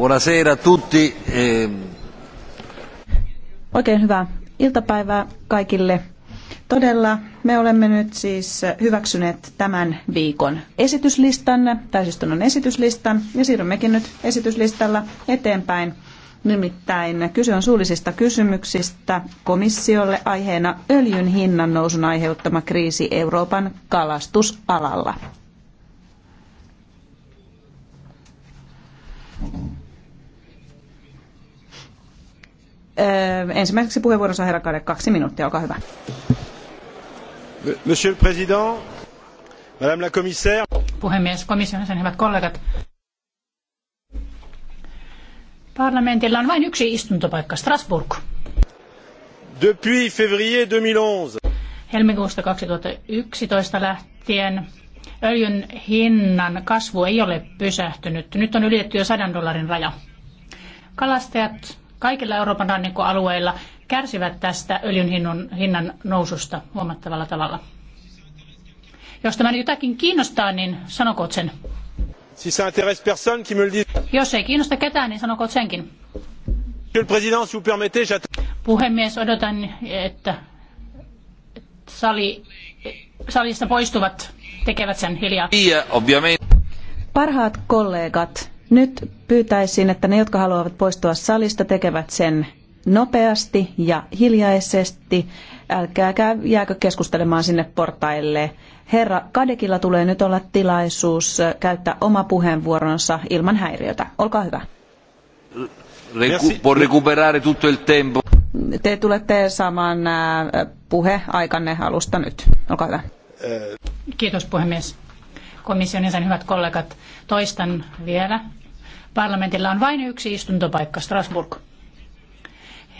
Buonasera tutti. Ehm. Oikein hyvää iltapäivää kaikille. Todella, me olemme nyt siis hyväksyneet tämän viikon esityslistan, täysistunnon esityslistan, ja siirrymmekin nyt esityslistalla eteenpäin. Nimittäin kyse on suullisista kysymyksistä komissiolle aiheena öljyn hinnan nousun aiheuttama kriisi Euroopan kalastusalalla. ensimmäiseksi puheenvuoronsa herra Kade, kaksi minuuttia, olkaa hyvä. Monsieur le Président, Madame la Commissaire. Puhemies, komission sen hyvät kollegat. Parlamentilla on vain yksi istuntopaikka, Strasbourg. Depuis février 2011. Helmikuusta 2011 lähtien öljyn hinnan kasvu ei ole pysähtynyt. Nyt on ylitetty jo 100 dollarin raja. Kalastajat kaikilla Euroopan rannikkoalueilla kärsivät tästä öljyn hinnan, hinnan noususta huomattavalla tavalla. Jos tämä jotakin kiinnostaa, niin sanokoot sen. Si ça intéresse personne, qui me le dit. Jos ei kiinnosta ketään, niin sanokoot senkin. Monsieur le Président, si vous permettez, Puhemies, odotan, että sali, salista poistuvat tekevät sen hiljaa. Parhaat kollegat, nyt pyytäisin, että ne, jotka haluavat poistua salista, tekevät sen nopeasti ja hiljaisesti. Älkää jääkö keskustelemaan sinne portaille. Herra Kadekilla tulee nyt olla tilaisuus käyttää oma puheenvuoronsa ilman häiriötä. Olkaa hyvä. Te tulette saamaan äh, aikanne alusta nyt. Olkaa hyvä. Kiitos puhemies. Komission jäsen, hyvät kollegat. Toistan vielä Parlamentilla on vain yksi istuntopaikka, Strasbourg.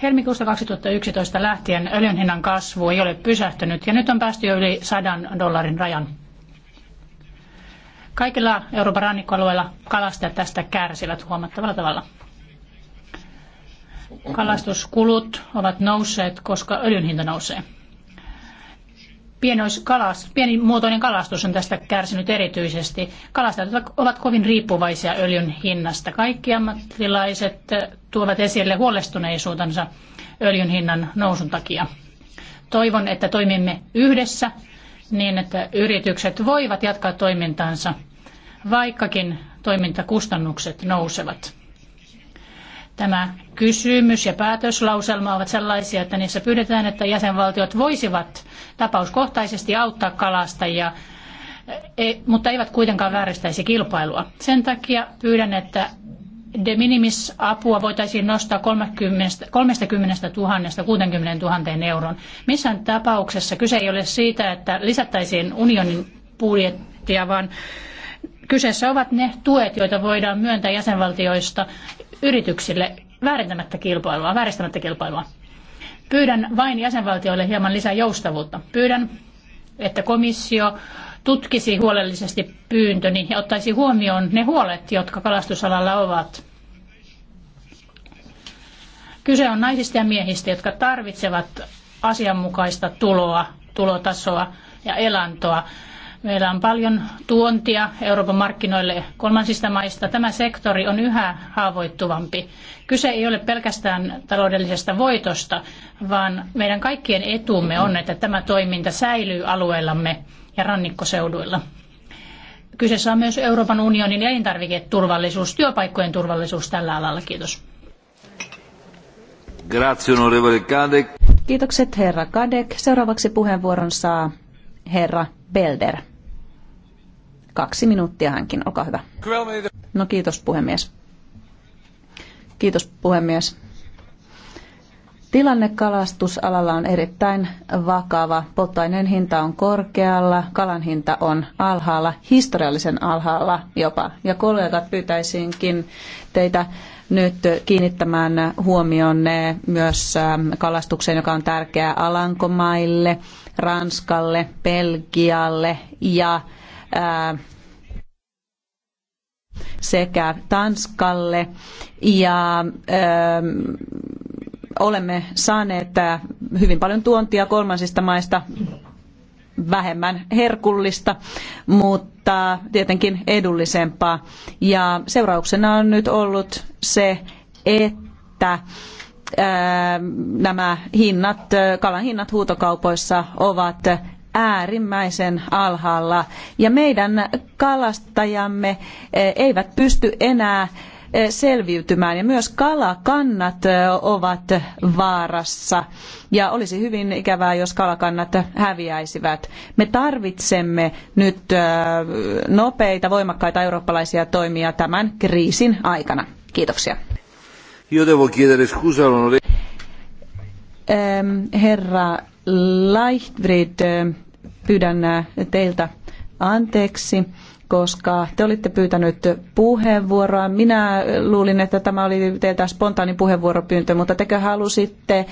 Helmikuusta 2011 lähtien öljyn hinnan kasvu ei ole pysähtynyt ja nyt on päästy jo yli 100 dollarin rajan. Kaikilla Euroopan rannikkoalueilla kalastajat tästä kärsivät huomattavalla tavalla. Kalastuskulut ovat nousseet, koska öljyn hinta nousee. Pienoiskalas, pienimuotoinen kalastus on tästä kärsinyt erityisesti. Kalastajat ovat kovin riippuvaisia öljyn hinnasta. Kaikki ammattilaiset tuovat esille huolestuneisuutensa öljyn hinnan nousun takia. Toivon, että toimimme yhdessä niin, että yritykset voivat jatkaa toimintaansa, vaikkakin toimintakustannukset nousevat. Tämä kysymys ja päätöslauselma ovat sellaisia, että niissä pyydetään, että jäsenvaltiot voisivat tapauskohtaisesti auttaa kalastajia, e, mutta eivät kuitenkaan vääristäisi kilpailua. Sen takia pyydän, että de minimis apua voitaisiin nostaa 30, 30 000 60 000 euron. Missään tapauksessa kyse ei ole siitä, että lisättäisiin unionin budjettia, vaan kyseessä ovat ne tuet, joita voidaan myöntää jäsenvaltioista yrityksille väärentämättä kilpailua, vääristämättä kilpailua. Pyydän vain jäsenvaltioille hieman lisää joustavuutta. Pyydän, että komissio tutkisi huolellisesti pyyntöni ja ottaisi huomioon ne huolet, jotka kalastusalalla ovat. Kyse on naisista ja miehistä, jotka tarvitsevat asianmukaista tuloa, tulotasoa ja elantoa. Meillä on paljon tuontia Euroopan markkinoille kolmansista maista. Tämä sektori on yhä haavoittuvampi. Kyse ei ole pelkästään taloudellisesta voitosta, vaan meidän kaikkien etumme on, että tämä toiminta säilyy alueellamme ja rannikkoseuduilla. Kyseessä on myös Euroopan unionin elintarviketurvallisuus, työpaikkojen turvallisuus tällä alalla. Kiitos. Kiitokset herra Kadek. Seuraavaksi puheenvuoron saa herra Belder. Kaksi minuuttia hänkin, olkaa hyvä. No kiitos puhemies. Kiitos puhemies. Tilanne kalastusalalla on erittäin vakava. Polttoaineen hinta on korkealla, kalan hinta on alhaalla, historiallisen alhaalla jopa. Ja kollegat pyytäisinkin teitä nyt kiinnittämään huomionne myös ähm, kalastukseen, joka on tärkeää Alankomaille, Ranskalle, Belgialle ja sekä Tanskalle ja olemme saaneet hyvin paljon tuontia kolmansista maista vähemmän herkullista, mutta tietenkin edullisempaa. Ja seurauksena on nyt ollut se, että nämä hinnat, kalan hinnat huutokaupoissa ovat äärimmäisen alhaalla ja meidän kalastajamme eh, eivät pysty enää eh, selviytymään ja myös kalakannat eh, ovat vaarassa ja olisi hyvin ikävää, jos kalakannat häviäisivät. Me tarvitsemme nyt nopeita, voimakkaita eurooppalaisia toimia tämän kriisin aikana. Kiitoksia. Ehm, herra Leichtfried, äh, pyydän äh, teiltä anteeksi, koska te olitte pyytänyt puheenvuoroa. Minä luulin, että tämä oli teiltä spontaani puheenvuoropyyntö, mutta tekö halusitte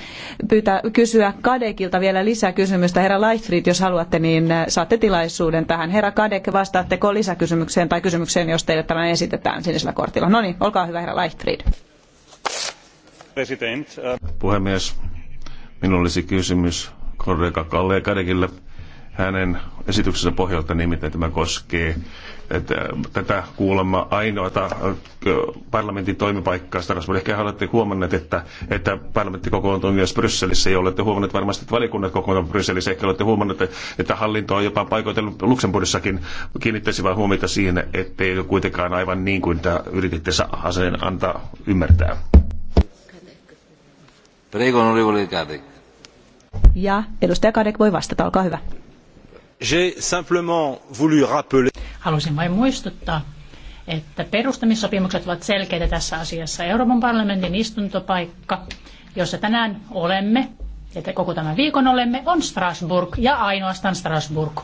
pyytää, kysyä Kadekilta vielä lisää kysymystä. Herra Leichtfried, jos haluatte, niin äh, saatte tilaisuuden tähän. Herra Kadek, vastaatteko lisäkysymykseen tai kysymykseen, jos teille tämä esitetään sinisellä kortilla? No niin, olkaa hyvä, herra Leichtfried. President. Puhemies, minulla olisi kysymys kollega Kalle Kadekille hänen esityksensä pohjalta, nimittäin tämä koskee että äh, tätä kuulemma ainoata äh, parlamentin toimipaikkaa Strasbourg. Ehkä olette huomanneet, että, että parlamentti kokoontuu myös Brysselissä, ja olette huomanneet varmasti, että valikunnat kokoontuvat Brysselissä. Ehkä olette huomanneet, että hallinto on jopa paikoitellut Luxemburgissakin. Kiinnittäisi vain huomiota siihen, ettei ole kuitenkaan aivan niin kuin tämä yrititte aseen antaa ymmärtää. Prego, onorevole kadek. Ja edustaja Kadek voi vastata, olkaa hyvä. Halusin vain muistuttaa, että perustamissopimukset ovat selkeitä tässä asiassa. Euroopan parlamentin istuntopaikka, jossa tänään olemme, ja koko tämän viikon olemme, on Strasbourg ja ainoastaan Strasbourg.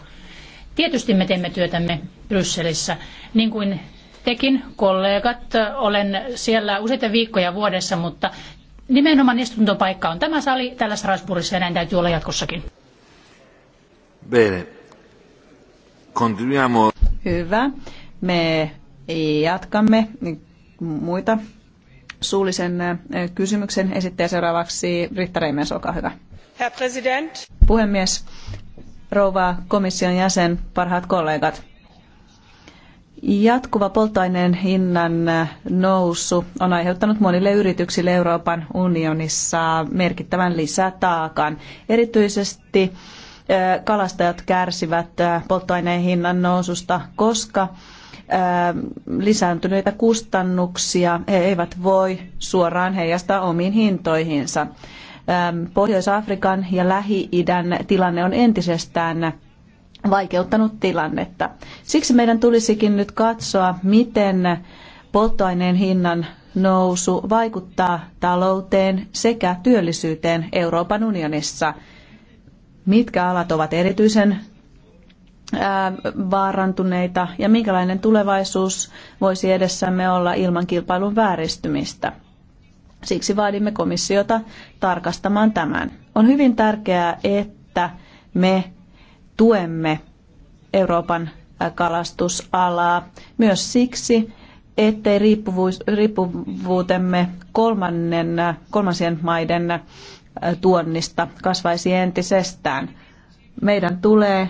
Tietysti me teemme työtämme Brysselissä, niin kuin tekin kollegat. Olen siellä useita viikkoja vuodessa, mutta nimenomaan istuntopaikka on tämä sali täällä Strasbourgissa ja näin täytyy olla jatkossakin. Bene. Continuiamo. Hyvä. Me jatkamme muita suullisen äh, kysymyksen esittäjä seuraavaksi Britta Reimers, olkaa hyvä. Herr Puhemies, rouva komission jäsen, parhaat kollegat. Jatkuva polttoaineen hinnan nousu on aiheuttanut monille yrityksille Euroopan unionissa merkittävän lisätaakan. Erityisesti kalastajat kärsivät polttoaineen hinnan noususta, koska lisääntyneitä kustannuksia he eivät voi suoraan heijastaa omiin hintoihinsa. Pohjois-Afrikan ja Lähi-idän tilanne on entisestään vaikeuttanut tilannetta. Siksi meidän tulisikin nyt katsoa, miten polttoaineen hinnan nousu vaikuttaa talouteen sekä työllisyyteen Euroopan unionissa. Mitkä alat ovat erityisen vaarantuneita ja minkälainen tulevaisuus voisi edessämme olla ilman kilpailun vääristymistä. Siksi vaadimme komissiota tarkastamaan tämän. On hyvin tärkeää, että me tuemme Euroopan kalastusalaa myös siksi, ettei riippuvuutemme kolmannen, kolmansien maiden tuonnista kasvaisi entisestään. Meidän tulee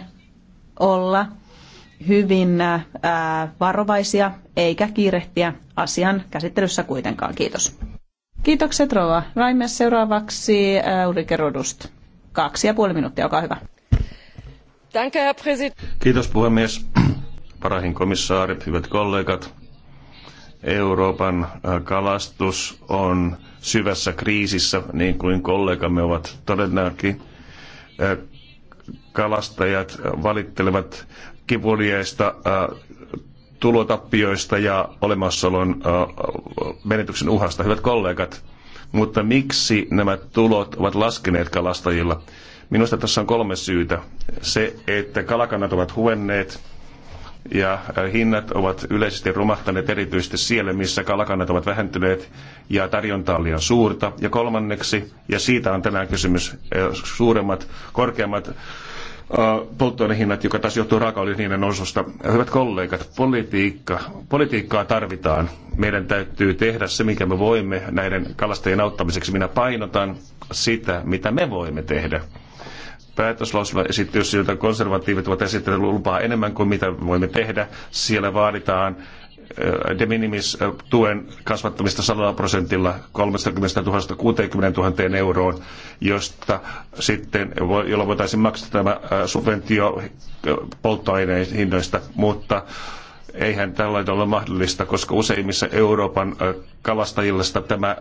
olla hyvin varovaisia eikä kiirehtiä asian käsittelyssä kuitenkaan. Kiitos. Kiitokset Rova Raimes. Seuraavaksi Ulrike Rodust. Kaksi ja puoli minuuttia, olkaa hyvä. Kiitos puhemies. Parahin komissaari, hyvät kollegat. Euroopan äh, kalastus on syvässä kriisissä, niin kuin kollegamme ovat todennäköisesti. Äh, kalastajat valittelevat kivuliaista äh, tulotappioista ja olemassaolon menetyksen uhasta. Hyvät kollegat, mutta miksi nämä tulot ovat laskeneet kalastajilla? Minusta tässä on kolme syytä. Se, että kalakannat ovat huvenneet ja hinnat ovat yleisesti romahtaneet erityisesti siellä, missä kalakannat ovat vähentyneet ja tarjonta on liian suurta. Ja kolmanneksi, ja siitä on tänään kysymys, suuremmat, korkeammat polttoainehinnat, joka taas johtuu raakaöljyn noususta. Hyvät kollegat, politiikka, politiikkaa tarvitaan. Meidän täytyy tehdä se, mikä me voimme näiden kalastajien auttamiseksi. Minä painotan sitä, mitä me voimme tehdä päätöslauselmaesitys, sieltä konservatiivit ovat esittäneet, lupaa enemmän kuin mitä voimme tehdä. Siellä vaaditaan eh, de minimis eh, tuen kasvattamista 100 prosentilla 30 000 60 000 euroon, josta sitten, jolla voitaisiin maksaa tämä eh, subventio polttoaineen hinnoista, mutta Eihän tällainen ole mahdollista, koska useimmissa Euroopan kalastajillista tämä,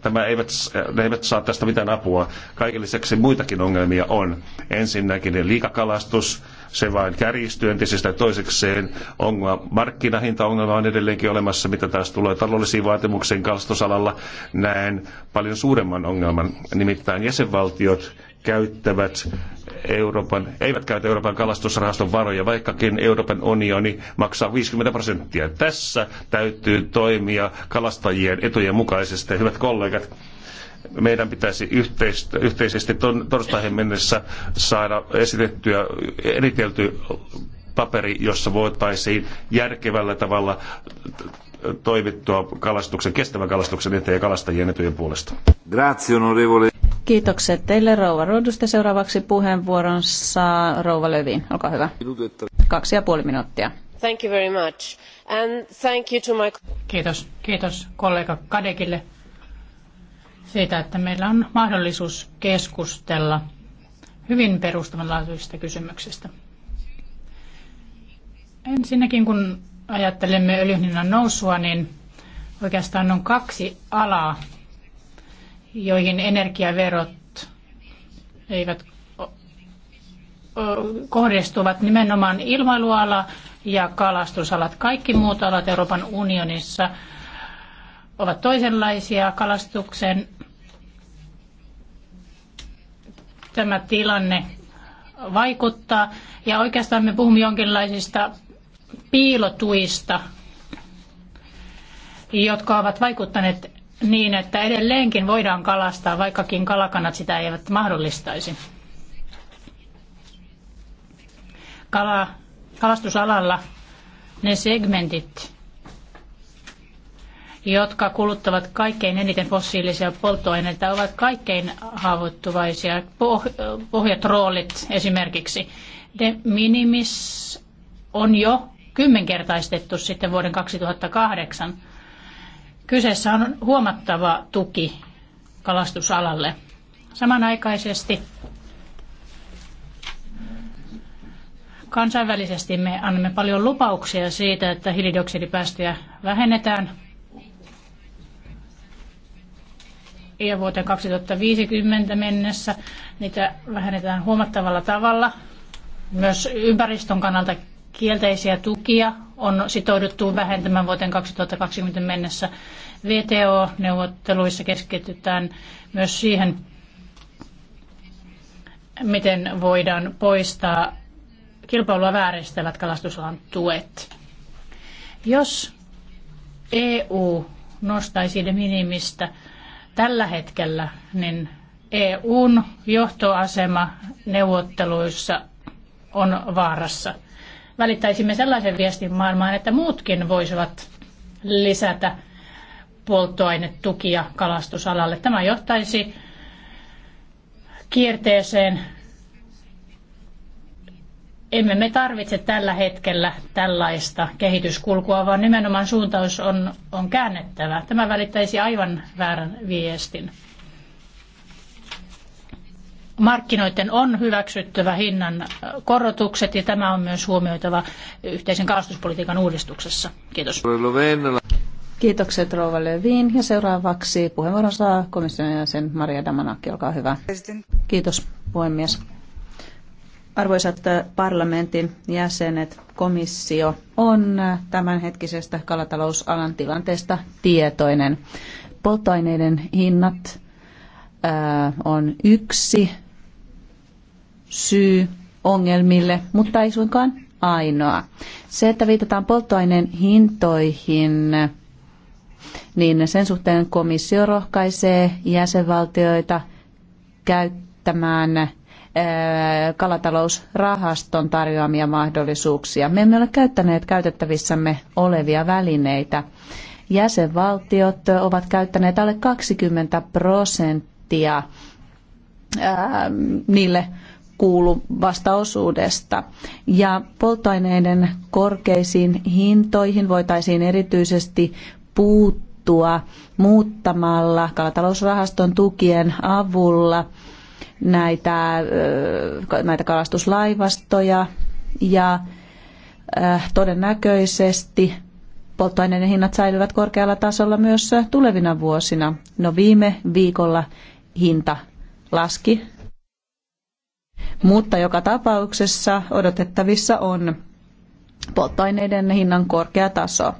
tämä eivät, ne eivät saa tästä mitään apua. Kaiken lisäksi muitakin ongelmia on. Ensinnäkin liikakalastus, se vain kärjistyy entisestään toisekseen. Ongelma, markkinahintaongelma on edelleenkin olemassa, mitä taas tulee taloudellisiin vaatimuksiin kalastusalalla. Näen paljon suuremman ongelman, nimittäin jäsenvaltiot käyttävät Euroopan, eivät käytä Euroopan kalastusrahaston varoja, vaikkakin Euroopan unioni maksaa 50 prosenttia. Tässä täytyy toimia kalastajien etujen mukaisesti. Hyvät kollegat, meidän pitäisi yhteisesti torstaihin mennessä saada esitettyä, eritelty paperi, jossa voitaisiin järkevällä tavalla toimittua kalastuksen, kestävän kalastuksen eteen ja kalastajien etujen puolesta. Grazie, onorevole. Kiitokset teille, Rouva Rodus. seuraavaksi puheenvuoron saa Rouva Lövin. Olkaa hyvä. Kaksi ja puoli minuuttia. Thank you very much. And thank you to my... Kiitos. Kiitos kollega Kadekille siitä, että meillä on mahdollisuus keskustella hyvin perustavanlaatuisista kysymyksistä. Ensinnäkin kun ajattelemme öljyn hinnan nousua, niin oikeastaan on kaksi alaa, joihin energiaverot eivät kohdistuvat nimenomaan ilmailuala ja kalastusalat. Kaikki muut alat Euroopan unionissa ovat toisenlaisia kalastuksen. Tämä tilanne vaikuttaa. Ja oikeastaan me puhumme jonkinlaisista piilotuista, jotka ovat vaikuttaneet niin, että edelleenkin voidaan kalastaa, vaikkakin kalakannat sitä eivät mahdollistaisi. Kala, kalastusalalla ne segmentit, jotka kuluttavat kaikkein eniten fossiilisia polttoaineita, ovat kaikkein haavoittuvaisia. Poh- roolit esimerkiksi. De minimis on jo kymmenkertaistettu sitten vuoden 2008. Kyseessä on huomattava tuki kalastusalalle. Samanaikaisesti kansainvälisesti me annamme paljon lupauksia siitä, että hiilidioksidipäästöjä vähennetään ja vuoteen 2050 mennessä niitä vähennetään huomattavalla tavalla. Myös ympäristön kannalta kielteisiä tukia on sitouduttu vähentämään vuoteen 2020 mennessä. VTO-neuvotteluissa keskitytään myös siihen, miten voidaan poistaa kilpailua vääristävät kalastusalan tuet. Jos EU nostaisi de minimistä tällä hetkellä, niin EUn johtoasema neuvotteluissa on vaarassa – välittäisimme sellaisen viestin maailmaan, että muutkin voisivat lisätä polttoainetukia kalastusalalle. Tämä johtaisi kierteeseen. Emme me tarvitse tällä hetkellä tällaista kehityskulkua, vaan nimenomaan suuntaus on, on käännettävä. Tämä välittäisi aivan väärän viestin markkinoiden on hyväksyttävä hinnan korotukset ja tämä on myös huomioitava yhteisen kalastuspolitiikan uudistuksessa. Kiitos. Kiitokset Rouva Löviin ja seuraavaksi puheenvuoron saa komission jäsen Maria Damanakki, olkaa hyvä. Kiitos puhemies. Arvoisat parlamentin jäsenet, komissio on tämänhetkisestä kalatalousalan tilanteesta tietoinen. Polttoaineiden hinnat on yksi syy ongelmille, mutta ei suinkaan ainoa. Se, että viitataan polttoaineen hintoihin, niin sen suhteen komissio rohkaisee jäsenvaltioita käyttämään äh, kalatalousrahaston tarjoamia mahdollisuuksia. Me emme ole käyttäneet käytettävissämme olevia välineitä. Jäsenvaltiot ovat käyttäneet alle 20 prosenttia ähm, niille kuulu osuudesta. Ja polttoaineiden korkeisiin hintoihin voitaisiin erityisesti puuttua muuttamalla kalatalousrahaston tukien avulla näitä, näitä kalastuslaivastoja ja todennäköisesti polttoaineiden hinnat säilyvät korkealla tasolla myös tulevina vuosina. No viime viikolla hinta laski mutta joka tapauksessa odotettavissa on polttoaineiden hinnan korkea taso.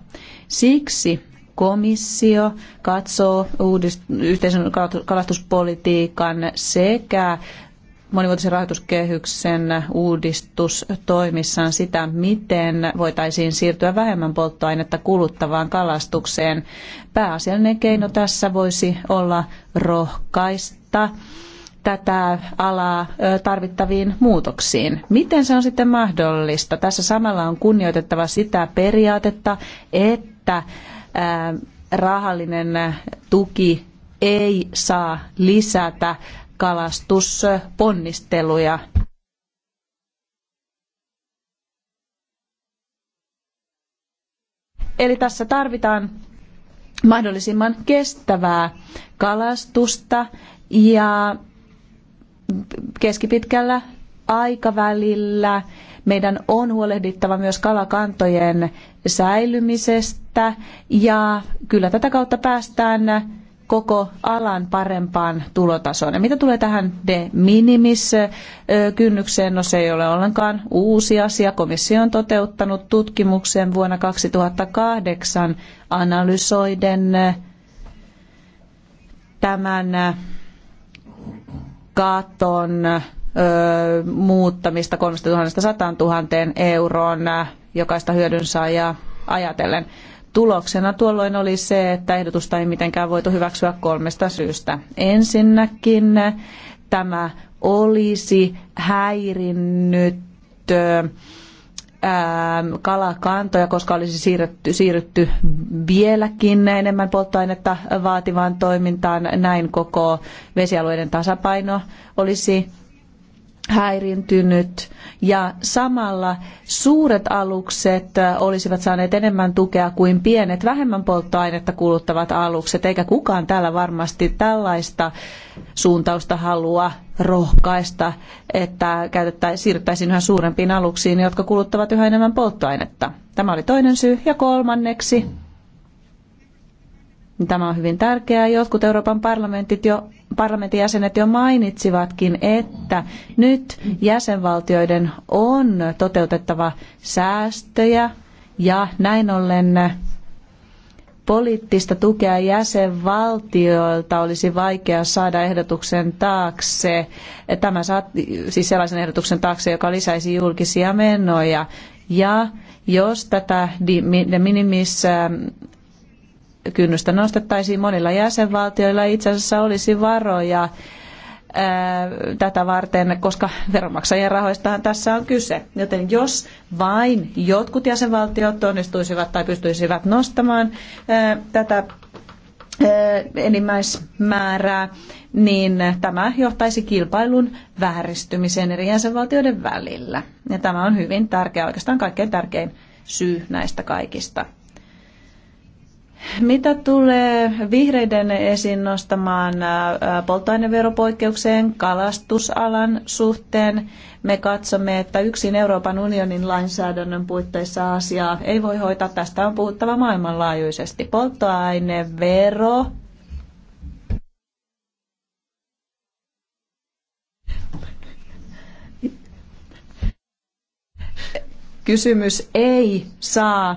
Siksi komissio katsoo uudist- yhteisen kalastuspolitiikan sekä monivuotisen rahoituskehyksen uudistustoimissaan sitä, miten voitaisiin siirtyä vähemmän polttoainetta kuluttavaan kalastukseen. Pääasiallinen keino tässä voisi olla rohkaista tätä alaa tarvittaviin muutoksiin. Miten se on sitten mahdollista? Tässä samalla on kunnioitettava sitä periaatetta, että rahallinen tuki ei saa lisätä kalastusponnisteluja. Eli tässä tarvitaan mahdollisimman kestävää kalastusta ja keskipitkällä aikavälillä meidän on huolehdittava myös kalakantojen säilymisestä ja kyllä tätä kautta päästään koko alan parempaan tulotasoon. Ja mitä tulee tähän de minimis kynnykseen, no se ei ole ollenkaan uusi asia. Komissio on toteuttanut tutkimuksen vuonna 2008 analysoiden tämän katon muuttamista 30 100 000 euroon jokaista hyödynsaajaa ajatellen. Tuloksena tuolloin oli se, että ehdotusta ei mitenkään voitu hyväksyä kolmesta syystä. Ensinnäkin tämä olisi häirinnyt Ähm, kalakantoja, koska olisi siirrytty, siirrytty vieläkin enemmän polttoainetta vaativaan toimintaan. Näin koko vesialueiden tasapaino olisi häirintynyt ja samalla suuret alukset äh, olisivat saaneet enemmän tukea kuin pienet, vähemmän polttoainetta kuluttavat alukset, eikä kukaan täällä varmasti tällaista suuntausta halua rohkaista, että siirryttäisiin yhä suurempiin aluksiin, jotka kuluttavat yhä enemmän polttoainetta. Tämä oli toinen syy. Ja kolmanneksi, Tämä on hyvin tärkeää. Jotkut Euroopan parlamentit jo, parlamentin jäsenet jo mainitsivatkin, että nyt jäsenvaltioiden on toteutettava säästöjä ja näin ollen poliittista tukea jäsenvaltioilta olisi vaikea saada ehdotuksen taakse, tämä saa, siis sellaisen ehdotuksen taakse, joka lisäisi julkisia menoja. Ja jos tätä de minimis ähm, kynnystä nostettaisiin monilla jäsenvaltioilla. Itse asiassa olisi varoja tätä varten, koska veronmaksajien rahoistahan tässä on kyse. Joten jos vain jotkut jäsenvaltiot onnistuisivat tai pystyisivät nostamaan tätä enimmäismäärää, niin tämä johtaisi kilpailun vääristymiseen eri jäsenvaltioiden välillä. Ja tämä on hyvin tärkeä, oikeastaan kaikkein tärkein syy näistä kaikista. Mitä tulee vihreiden esiin nostamaan äh, äh, polttoaineveropoikkeukseen kalastusalan suhteen, me katsomme, että yksin Euroopan unionin lainsäädännön puitteissa asiaa ei voi hoitaa. Tästä on puhuttava maailmanlaajuisesti. Polttoainevero kysymys ei saa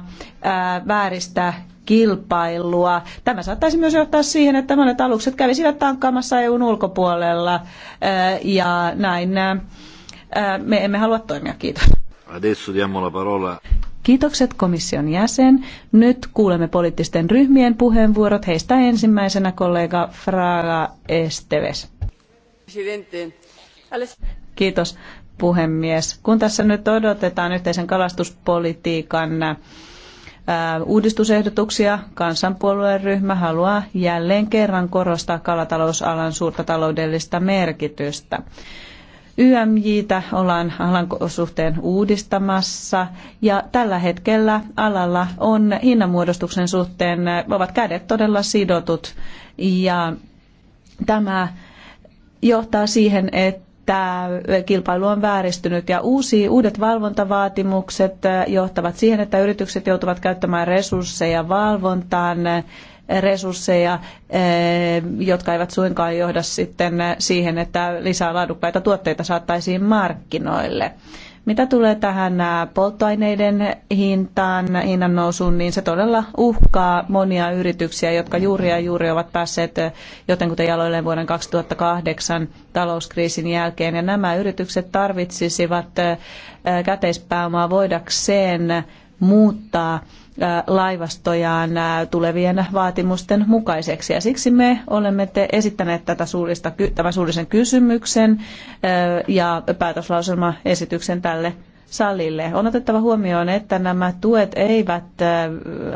äh, vääristää kilpailua. Tämä saattaisi myös johtaa siihen, että monet alukset kävisivät tankkaamassa EUn ulkopuolella eh, ja näin. Eh, eh, me emme halua toimia. Kiitos. Adesso diamo la parola. Kiitokset komission jäsen. Nyt kuulemme poliittisten ryhmien puheenvuorot. Heistä ensimmäisenä kollega Fraga Esteves. Kiitos puhemies. Kun tässä nyt odotetaan yhteisen kalastuspolitiikan uudistusehdotuksia. Kansanpuolueen ryhmä haluaa jälleen kerran korostaa kalatalousalan suurta taloudellista merkitystä. YMJtä ollaan alan suhteen uudistamassa ja tällä hetkellä alalla on hinnanmuodostuksen suhteen, ovat kädet todella sidotut ja tämä johtaa siihen, että tämä kilpailu on vääristynyt ja uusi, uudet valvontavaatimukset eh, johtavat siihen, että yritykset joutuvat käyttämään resursseja valvontaan, eh, resursseja, eh, jotka eivät suinkaan johda sitten siihen, että lisää laadukkaita tuotteita saattaisiin markkinoille. Mitä tulee tähän polttoaineiden hintaan, hinnan nousuun, niin se todella uhkaa monia yrityksiä, jotka juuri ja juuri ovat päässeet jotenkuten jaloilleen vuoden 2008 talouskriisin jälkeen. Ja nämä yritykset tarvitsisivat käteispääomaa voidakseen muuttaa laivastojaan tulevien vaatimusten mukaiseksi. Ja siksi me olemme te esittäneet tätä suurista tämän suullisen kysymyksen ja päätöslauselmaesityksen tälle salille. On otettava huomioon, että nämä tuet eivät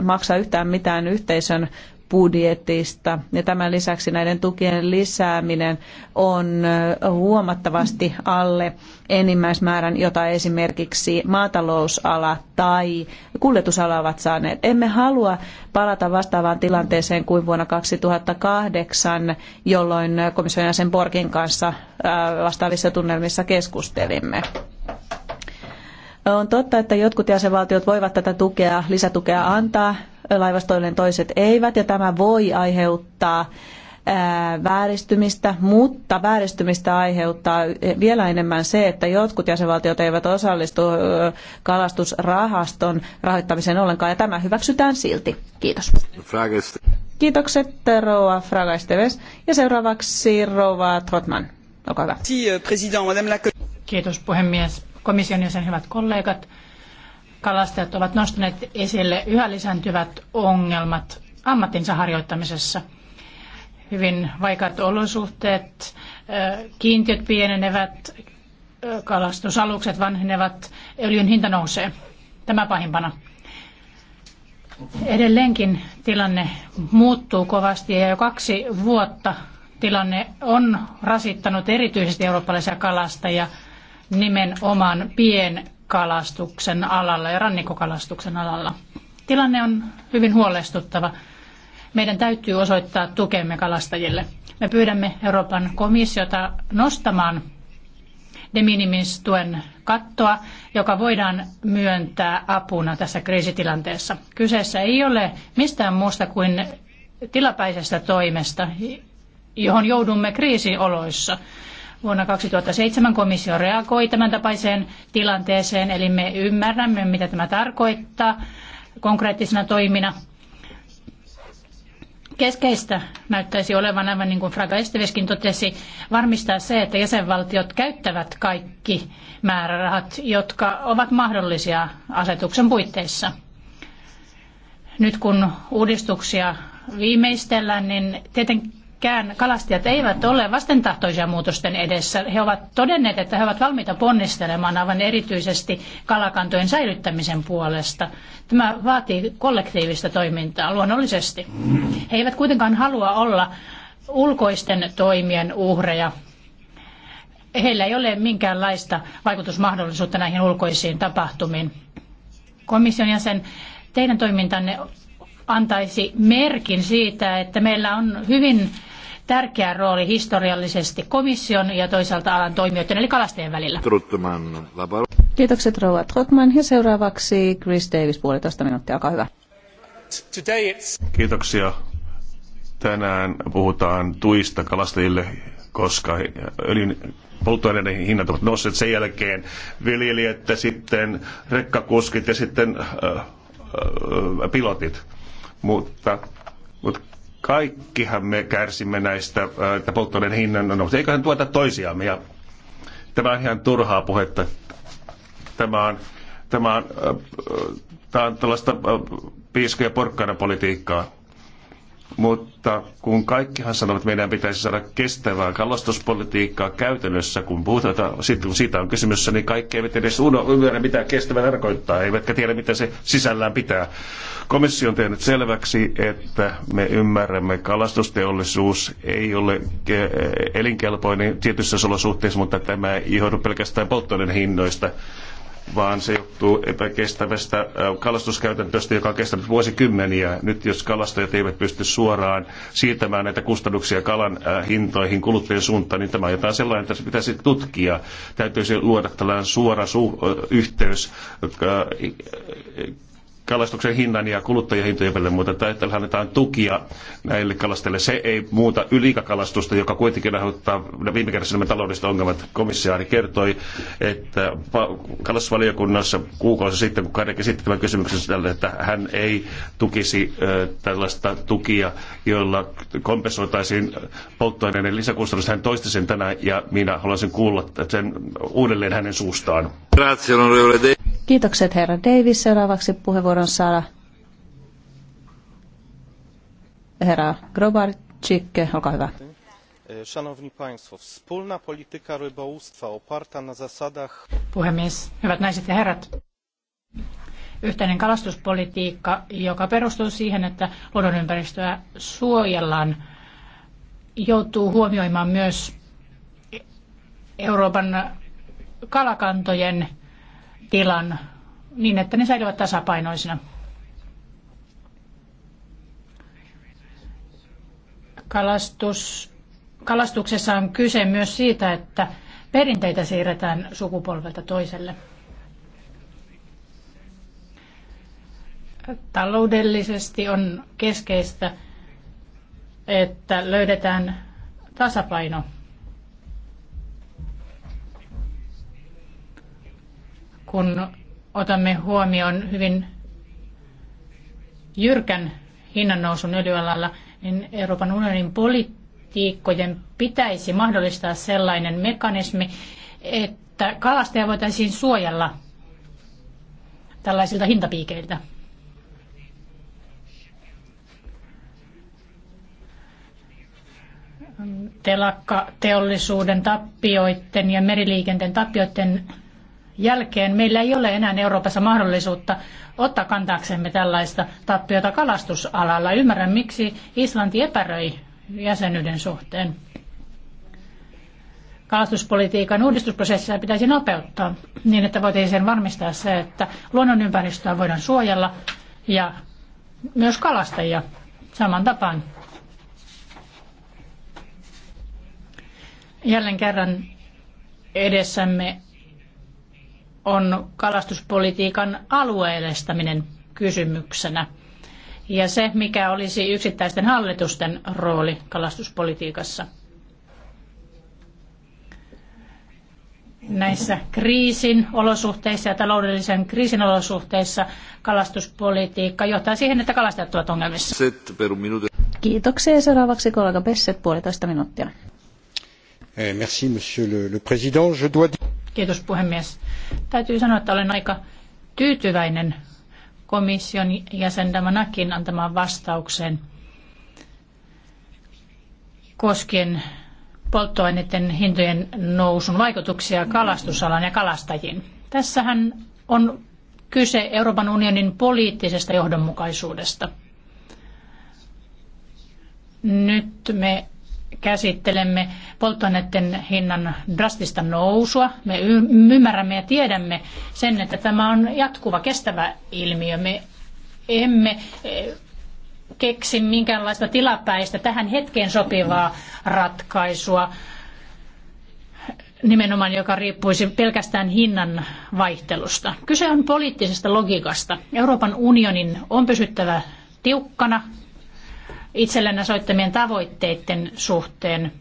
maksa yhtään mitään yhteisön budjetista. Ja tämän lisäksi näiden tukien lisääminen on huomattavasti alle enimmäismäärän, jota esimerkiksi maatalousala tai kuljetusala ovat saaneet. Emme halua palata vastaavaan tilanteeseen kuin vuonna 2008, jolloin komission jäsen Borgin kanssa äh, vastaavissa tunnelmissa keskustelimme. On totta, että jotkut jäsenvaltiot voivat tätä tukea, lisätukea antaa, laivastoilleen toiset eivät, ja tämä voi aiheuttaa vääristymistä, mutta vääristymistä aiheuttaa vielä enemmän se, että jotkut jäsenvaltiot eivät osallistu kalastusrahaston rahoittamiseen ollenkaan, ja tämä hyväksytään silti. Kiitos. Kiitokset, Rouva Fragaisteves. Ja seuraavaksi Rouva Trotman. Olkaa hyvä. Euh, Kiitos puhemies komission sen hyvät kollegat. Kalastajat ovat nostaneet esille yhä lisääntyvät ongelmat ammattinsa harjoittamisessa. Hyvin vaikeat olosuhteet, kiintiöt pienenevät, kalastusalukset vanhenevat, öljyn hinta nousee. Tämä pahimpana. Edelleenkin tilanne muuttuu kovasti ja jo kaksi vuotta tilanne on rasittanut erityisesti eurooppalaisia kalastajia – nimenomaan pienkalastuksen alalla ja rannikkokalastuksen alalla. Tilanne on hyvin huolestuttava. Meidän täytyy osoittaa tukemme kalastajille. Me pyydämme Euroopan komissiota nostamaan de minimis tuen kattoa, joka voidaan myöntää apuna tässä kriisitilanteessa. Kyseessä ei ole mistään muusta kuin tilapäisestä toimesta, johon joudumme kriisioloissa. Vuonna 2007 komissio reagoi tämän tapaiseen tilanteeseen, eli me ymmärrämme, mitä tämä tarkoittaa konkreettisena toimina. Keskeistä näyttäisi olevan, aivan niin kuin Fraga Esteveskin totesi, varmistaa se, että jäsenvaltiot käyttävät kaikki määrärahat, jotka ovat mahdollisia asetuksen puitteissa. Nyt kun uudistuksia viimeistellään, niin tietenkin myöskään kalastajat eivät ole vastentahtoisia muutosten edessä. He ovat todenneet, että he ovat valmiita ponnistelemaan aivan erityisesti kalakantojen säilyttämisen puolesta. Tämä vaatii kollektiivista toimintaa luonnollisesti. He eivät kuitenkaan halua olla ulkoisten toimien uhreja. Heillä ei ole minkäänlaista vaikutusmahdollisuutta näihin ulkoisiin tapahtumiin. Komission jäsen, teidän toimintanne antaisi merkin siitä, että meillä on hyvin tärkeä rooli historiallisesti komission ja toisaalta alan toimijoiden eli kalastajien välillä. Kiitokset Rouva Trotman ja seuraavaksi Chris Davis puolitoista minuuttia, olkaa hyvä. Kiitoksia. Tänään puhutaan tuista kalastajille, koska öljyn polttoaineiden hinnat ovat nousseet sen jälkeen. Viljelijät, sitten rekkakuskit ja sitten äh, äh, pilotit. Mutta, mutta Kaikkihan me kärsimme näistä äh, että polttoaineen hinnan noususta. Eiköhän tuota toisiamme. Ja tämä on ihan turhaa puhetta. Tämä on, tämä on, äh, äh, tämä on tällaista piiska- ja porkkana politiikkaa mutta kun kaikkihan sanovat, että meidän pitäisi saada kestävää kalastuspolitiikkaa käytännössä, kun puhutaan, sitten kun siitä on kysymys, niin kaikki eivät edes ymmärrä, mitä kestävä tarkoittaa, eivätkä tiedä, mitä se sisällään pitää. Komissio on tehnyt selväksi, että me ymmärrämme, kalastusteollisuus ei ole eh, elinkelpoinen tietyissä olosuhteissa, mutta tämä ei johdu pelkästään polttoaineen hinnoista vaan se johtuu epäkestävästä kalastuskäytäntöstä, joka on kestänyt vuosikymmeniä. Nyt jos kalastajat eivät pysty suoraan siirtämään näitä kustannuksia kalan hintoihin kuluttajien suuntaan, niin tämä on jotain sellainen, että se pitäisi tutkia. Täytyisi luoda tällainen suora su yhteys kalastuksen hinnan ja kuluttajahintojen välillä, mutta että annetaan tukia näille kalastajille. Se ei muuta ylikakalastusta, joka kuitenkin aiheuttaa viime kädessä nämä taloudelliset ongelmat. Komissaari kertoi, että kalastusvaliokunnassa kuukausi sitten, kun Kari esitti tämän kysymyksen tälle, että hän ei tukisi tällaista tukia, jolla kompensoitaisiin polttoaineiden lisäkustannusta. Hän toisti sen tänään ja minä haluaisin kuulla sen uudelleen hänen suustaan. Kiitokset herra Davis. Seuraavaksi puheenvuoron saa herra Grobarczyk. Olkaa hyvä. E, szanowni Państwo, wspólna polityka rybołówstwa oparta na zasadach... Puhemies, hyvät naiset ja herrat. Yhteinen kalastuspolitiikka, joka perustuu siihen, että luonnonympäristöä suojellaan, joutuu huomioimaan myös Euroopan kalakantojen tilan niin, että ne säilyvät tasapainoisina. Kalastus, kalastuksessa on kyse myös siitä, että perinteitä siirretään sukupolvelta toiselle. Taloudellisesti on keskeistä, että löydetään tasapaino kun otamme huomioon hyvin jyrkän hinnannousun öljyalalla, niin Euroopan unionin politiikkojen pitäisi mahdollistaa sellainen mekanismi, että kalastaja voitaisiin suojella tällaisilta hintapiikeiltä. teollisuuden tappioiden ja meriliikenteen tappioiden jälkeen meillä ei ole enää Euroopassa mahdollisuutta ottaa kantaaksemme tällaista tappiota kalastusalalla. Ymmärrän, miksi Islanti epäröi jäsenyyden suhteen. Kalastuspolitiikan uudistusprosessia pitäisi nopeuttaa niin, että voitaisiin varmistaa se, että luonnonympäristöä voidaan suojella ja myös kalastajia saman tapaan. Jälleen kerran edessämme on kalastuspolitiikan alueellistaminen kysymyksenä ja se, mikä olisi yksittäisten hallitusten rooli kalastuspolitiikassa. Näissä kriisin olosuhteissa ja taloudellisen kriisin olosuhteissa kalastuspolitiikka johtaa siihen, että kalastajat ovat ongelmissa. Kiitoksia. Seuraavaksi kollega Besset puolitoista minuuttia. Eh, merci, monsieur le, le président. Je dois... Kiitos puhemies. Täytyy sanoa, että olen aika tyytyväinen komission jäsen Damanakin antamaan vastaukseen koskien polttoaineiden hintojen nousun vaikutuksia kalastusalan ja kalastajiin. Tässähän on kyse Euroopan unionin poliittisesta johdonmukaisuudesta. Nyt me käsittelemme polttoaineiden hinnan drastista nousua. Me ymmärrämme ja tiedämme sen, että tämä on jatkuva kestävä ilmiö. Me emme e, keksi minkäänlaista tilapäistä tähän hetkeen sopivaa ratkaisua, nimenomaan joka riippuisi pelkästään hinnan vaihtelusta. Kyse on poliittisesta logiikasta. Euroopan unionin on pysyttävä tiukkana itsellenä soittamien tavoitteiden suhteen.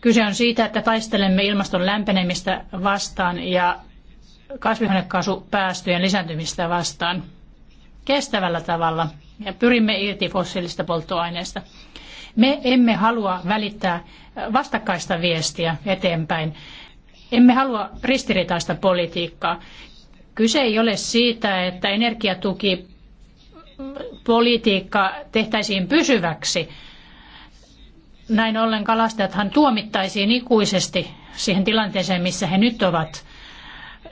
Kyse on siitä, että taistelemme ilmaston lämpenemistä vastaan ja kasvihuonekaasupäästöjen lisääntymistä vastaan kestävällä tavalla ja pyrimme irti fossiilista polttoaineista. Me emme halua välittää vastakkaista viestiä eteenpäin. Emme halua ristiriitaista politiikkaa. Kyse ei ole siitä, että energiatuki politiikka tehtäisiin pysyväksi. Näin ollen kalastajathan tuomittaisiin ikuisesti siihen tilanteeseen, missä he nyt ovat.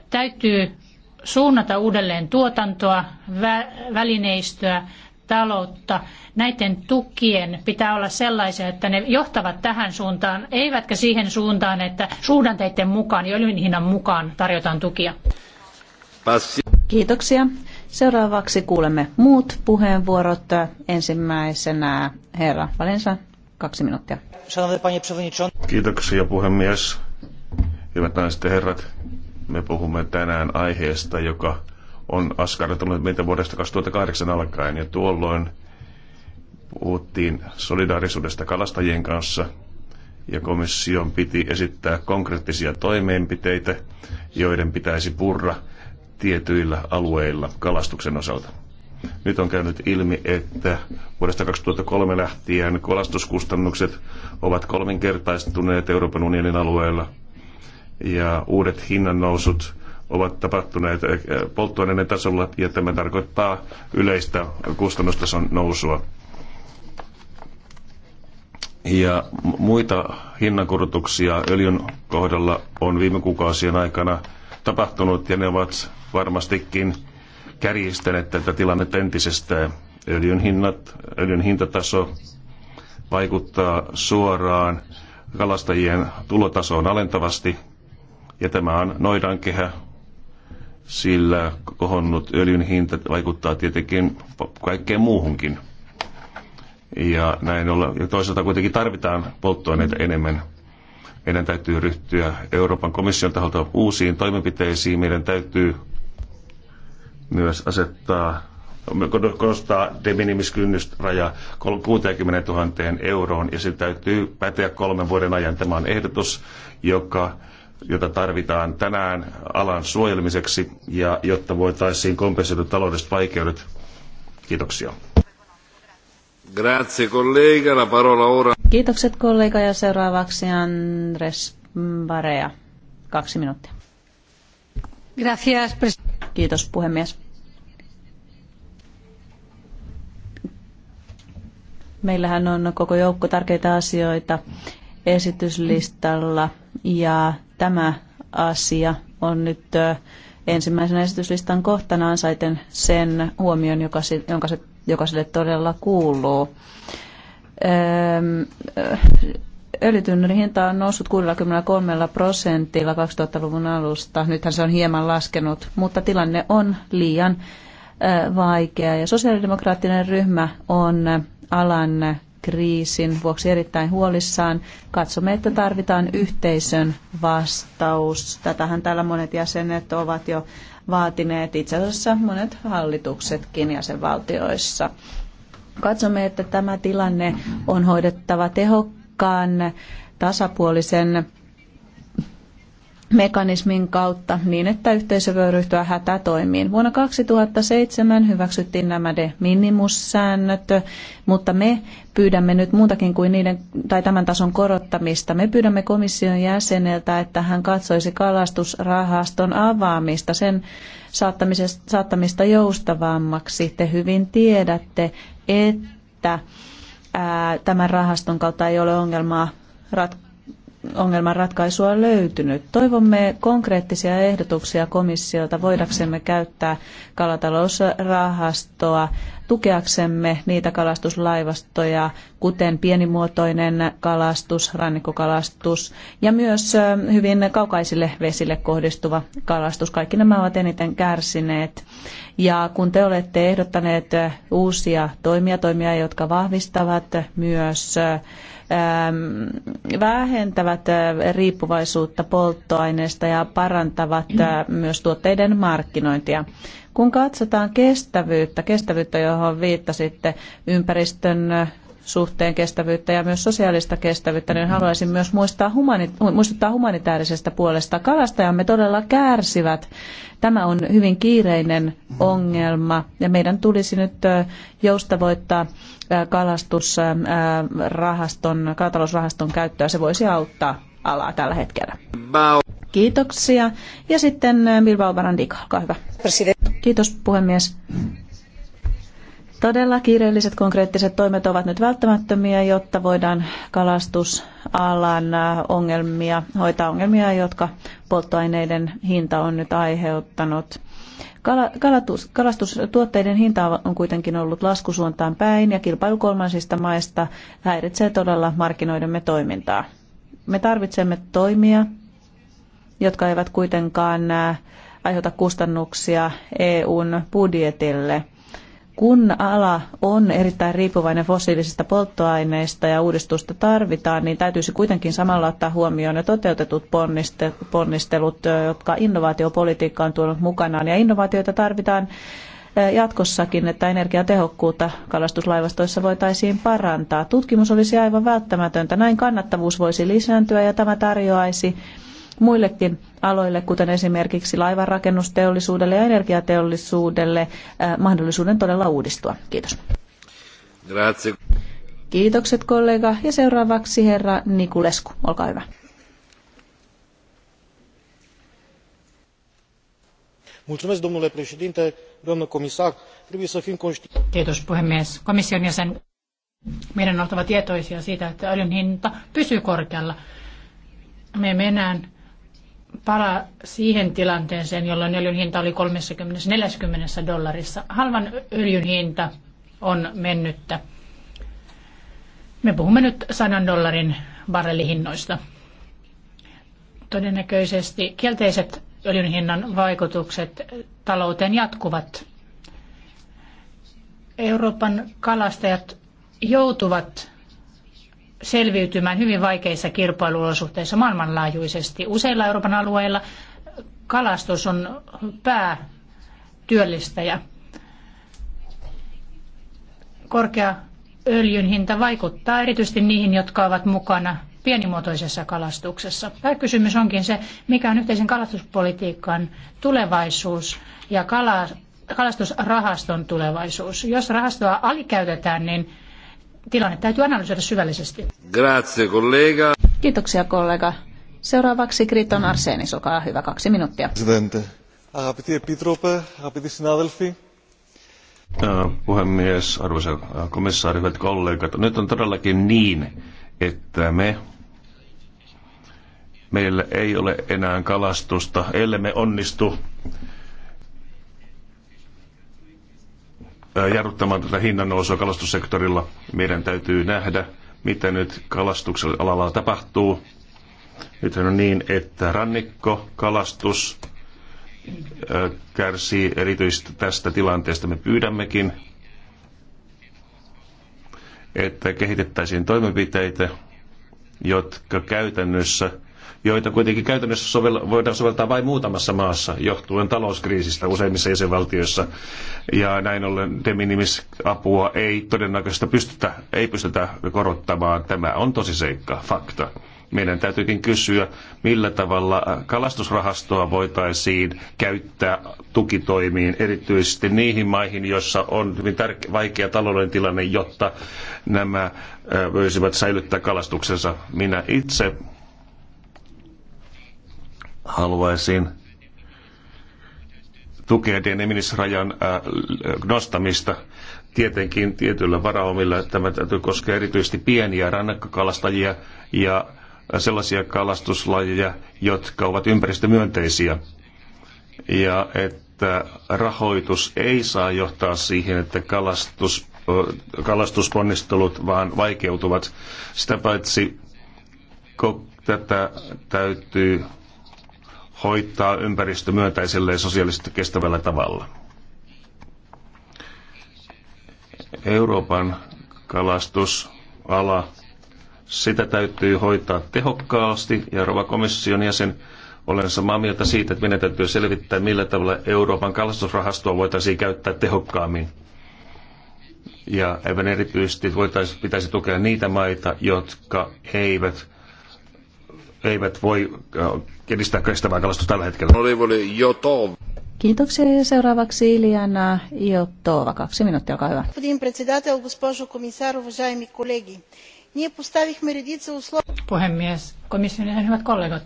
Täytyy suunnata uudelleen tuotantoa, vä- välineistöä, taloutta. Näiden tukien pitää olla sellaisia, että ne johtavat tähän suuntaan, eivätkä siihen suuntaan, että suhdanteiden mukaan ja öljyn hinnan mukaan tarjotaan tukia. Kiitoksia. Seuraavaksi kuulemme muut puheenvuorot. Ensimmäisenä herra Valensa, kaksi minuuttia. Kiitoksia puhemies. Hyvät naiset ja herrat, me puhumme tänään aiheesta, joka on askarrutunut meitä vuodesta 2008 alkaen ja tuolloin puhuttiin solidaarisuudesta kalastajien kanssa ja komission piti esittää konkreettisia toimenpiteitä, joiden pitäisi purra tietyillä alueilla kalastuksen osalta. Nyt on käynyt ilmi, että vuodesta 2003 lähtien kalastuskustannukset ovat kolminkertaistuneet Euroopan unionin alueella ja uudet hinnannousut ovat tapahtuneet eh, polttoaineiden tasolla ja tämä tarkoittaa yleistä kustannustason nousua. Ja muita hinnankorotuksia öljyn kohdalla on viime kuukausien aikana tapahtunut ja ne ovat varmastikin kärjistäneet tätä tilannetta entisestään. Öljyn, hinnat, öljyn hintataso vaikuttaa suoraan kalastajien tulotasoon alentavasti ja tämä on noidankehä, sillä kohonnut öljyn hinta vaikuttaa tietenkin kaikkeen muuhunkin. Ja näin ollen, ja toisaalta kuitenkin tarvitaan polttoaineita enemmän meidän täytyy ryhtyä Euroopan komission taholta uusiin toimenpiteisiin. Meidän täytyy myös asettaa kostaa de minimis raja 60 000 euroon ja se täytyy päteä kolmen vuoden ajan. Tämä on ehdotus, joka, jota tarvitaan tänään alan suojelmiseksi ja jotta voitaisiin kompensoida taloudelliset vaikeudet. Kiitoksia. Grazie collega, la parola ora. Kiitokset kollega ja seuraavaksi Andres Barea. Kaksi minuuttia. Gracias, Kiitos puhemies. Meillähän on koko joukko tärkeitä asioita esityslistalla ja tämä asia on nyt ensimmäisen esityslistan kohtana ansaiten sen huomion, joka, jonka se, joka sille todella kuuluu. Ehm, öljytynnyrin hinta on noussut 63 prosentilla 2000-luvun alusta. Nythän se on hieman laskenut, mutta tilanne on liian vaikea. Ja sosiaalidemokraattinen ryhmä on alan kriisin vuoksi erittäin huolissaan. Katsomme, että tarvitaan yhteisön vastaus. Tätähän täällä monet jäsenet ovat jo vaatineet, itse asiassa monet hallituksetkin jäsenvaltioissa. Katsomme, että tämä tilanne on hoidettava tehokkaan tasapuolisen mekanismin kautta niin, että yhteisö voi ryhtyä hätätoimiin. Vuonna 2007 hyväksyttiin nämä de minimussäännöt, mutta me pyydämme nyt muutakin kuin niiden tai tämän tason korottamista. Me pyydämme komission jäseneltä, että hän katsoisi kalastusrahaston avaamista, sen saattamista joustavammaksi. Te hyvin tiedätte, että tämän rahaston kautta ei ole ongelmaa rat- ongelman ratkaisua löytynyt. Toivomme konkreettisia ehdotuksia komissiolta, voidaksemme käyttää kalatalousrahastoa tukeaksemme niitä kalastuslaivastoja, kuten pienimuotoinen kalastus, rannikkokalastus ja myös hyvin kaukaisille vesille kohdistuva kalastus. Kaikki nämä ovat eniten kärsineet. Ja kun te olette ehdottaneet uusia toimia, toimia, jotka vahvistavat myös vähentävät riippuvaisuutta polttoaineesta ja parantavat myös tuotteiden markkinointia. Kun katsotaan kestävyyttä, kestävyyttä, johon viittasitte, ympäristön suhteen kestävyyttä ja myös sosiaalista kestävyyttä, niin haluaisin myös muistaa humani, muistuttaa humanitaarisesta puolesta. Kalastajamme todella kärsivät. Tämä on hyvin kiireinen ongelma ja meidän tulisi nyt joustavoittaa kalastusrahaston, kalatalousrahaston käyttöä. Se voisi auttaa alaa tällä hetkellä. Kiitoksia. Ja sitten eh, Bilbao Barandika, olkaa hyvä. Kiitos puhemies. Todella kiireelliset konkreettiset toimet ovat nyt välttämättömiä, jotta voidaan kalastusalan eh, ongelmia, hoitaa ongelmia, jotka polttoaineiden hinta on nyt aiheuttanut. Kalastus, kalastustuotteiden hinta on kuitenkin ollut laskusuuntaan päin ja kilpailu kolmansista maista häiritsee todella markkinoidemme toimintaa. Me tarvitsemme toimia, jotka eivät kuitenkaan aiheuta kustannuksia EUn budjetille. Kun ala on erittäin riippuvainen fossiilisista polttoaineista ja uudistusta tarvitaan, niin täytyisi kuitenkin samalla ottaa huomioon ne toteutetut ponnistelut, jotka innovaatiopolitiikka on tuonut mukanaan. Ja innovaatioita tarvitaan jatkossakin, että energiatehokkuutta kalastuslaivastoissa voitaisiin parantaa. Tutkimus olisi aivan välttämätöntä. Näin kannattavuus voisi lisääntyä ja tämä tarjoaisi muillekin aloille, kuten esimerkiksi laivanrakennusteollisuudelle ja energiateollisuudelle, äh, mahdollisuuden todella uudistua. Kiitos. Grazie. Kiitokset kollega ja seuraavaksi herra Nikulesku, olkaa hyvä. Mulțumesc, domnule președinte, doamnă comisar. Trebuie să fim conștienți. Kiitos, puhemies. Komission jäsen, meidän on oltava tietoisia siitä, että öljyn hinta pysyy korkealla. Me mennään para siihen tilanteeseen, jolloin öljyn hinta oli 30-40 dollarissa. Halvan öljyn hinta on mennyttä. Me puhumme nyt 100 dollarin barrelihinnoista. Todennäköisesti kielteiset öljyn hinnan vaikutukset talouteen jatkuvat. Euroopan kalastajat joutuvat selviytymään hyvin vaikeissa kilpailuolosuhteissa maailmanlaajuisesti. Useilla Euroopan alueilla kalastus on päätyöllistäjä. Korkea öljyn hinta vaikuttaa erityisesti niihin, jotka ovat mukana pienimuotoisessa kalastuksessa. Pääkysymys onkin se, mikä on yhteisen kalastuspolitiikan tulevaisuus ja kalastusrahaston tulevaisuus. Jos rahastoa alikäytetään, niin tilanne täytyy analysoida syvällisesti. Grazie, kollega. Kiitoksia, kollega. Seuraavaksi Kriton Arsenis, olkaa hyvä, kaksi minuuttia. Puhemies, arvoisa komissaari, hyvät kollegat. Nyt on todellakin niin, että me, meillä ei ole enää kalastusta, ellei me onnistu jarruttamaan tätä hinnan nousua kalastussektorilla. Meidän täytyy nähdä, mitä nyt kalastuksen alalla tapahtuu. Nyt on niin, että rannikko, kalastus kärsii erityisesti tästä tilanteesta. Me pyydämmekin, että kehitettäisiin toimenpiteitä, jotka käytännössä – joita kuitenkin käytännössä sovel, voidaan soveltaa vain muutamassa maassa johtuen talouskriisistä useimmissa jäsenvaltioissa. Ja näin ollen de minimis apua ei todennäköisesti pystytä, ei pystytä korottamaan. Tämä on tosiseikka, fakta. Meidän täytyykin kysyä, millä tavalla kalastusrahastoa voitaisiin käyttää tukitoimiin, erityisesti niihin maihin, joissa on hyvin vaikea taloudellinen tilanne, jotta nämä voisivat säilyttää kalastuksensa. Minä itse haluaisin tukea de rajan äh, nostamista tietenkin tietyillä varaumilla. Tämä täytyy koskea erityisesti pieniä rannakkokalastajia ja sellaisia kalastuslajeja, jotka ovat ympäristömyönteisiä. Ja että rahoitus ei saa johtaa siihen, että kalastus, kalastusponnistelut vaan vaikeutuvat. Sitä paitsi tätä täytyy hoitaa ympäristömyöntäisellä ja sosiaalisesti kestävällä tavalla. Euroopan kalastusala, sitä täytyy hoitaa tehokkaasti ja Euroopan komission jäsen olen samaa mieltä siitä, että meidän täytyy selvittää, millä tavalla Euroopan kalastusrahastoa voitaisiin käyttää tehokkaammin. Ja aivan erityisesti voitaisiin, pitäisi tukea niitä maita, jotka eivät, eivät voi äh, edistää kestävää kalastusta tällä hetkellä. Kiitoksia ja seuraavaksi Iliana Jotova. Kaksi minuuttia, olkaa hyvä. Puhemies, komission ja hyvät kollegat.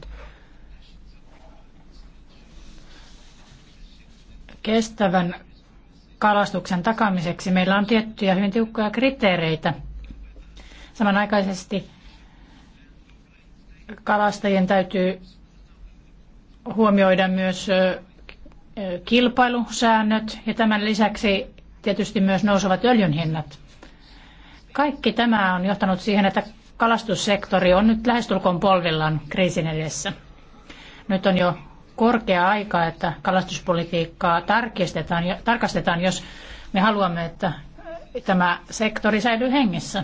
Kestävän kalastuksen takaamiseksi meillä on tiettyjä hyvin tiukkoja kriteereitä. Samanaikaisesti kalastajien täytyy huomioida myös kilpailusäännöt ja tämän lisäksi tietysti myös nousevat öljyn hinnat. Kaikki tämä on johtanut siihen, että kalastussektori on nyt lähestulkoon polvillaan kriisin edessä. Nyt on jo korkea aika, että kalastuspolitiikkaa tarkistetaan, tarkastetaan, jos me haluamme, että tämä sektori säilyy hengissä.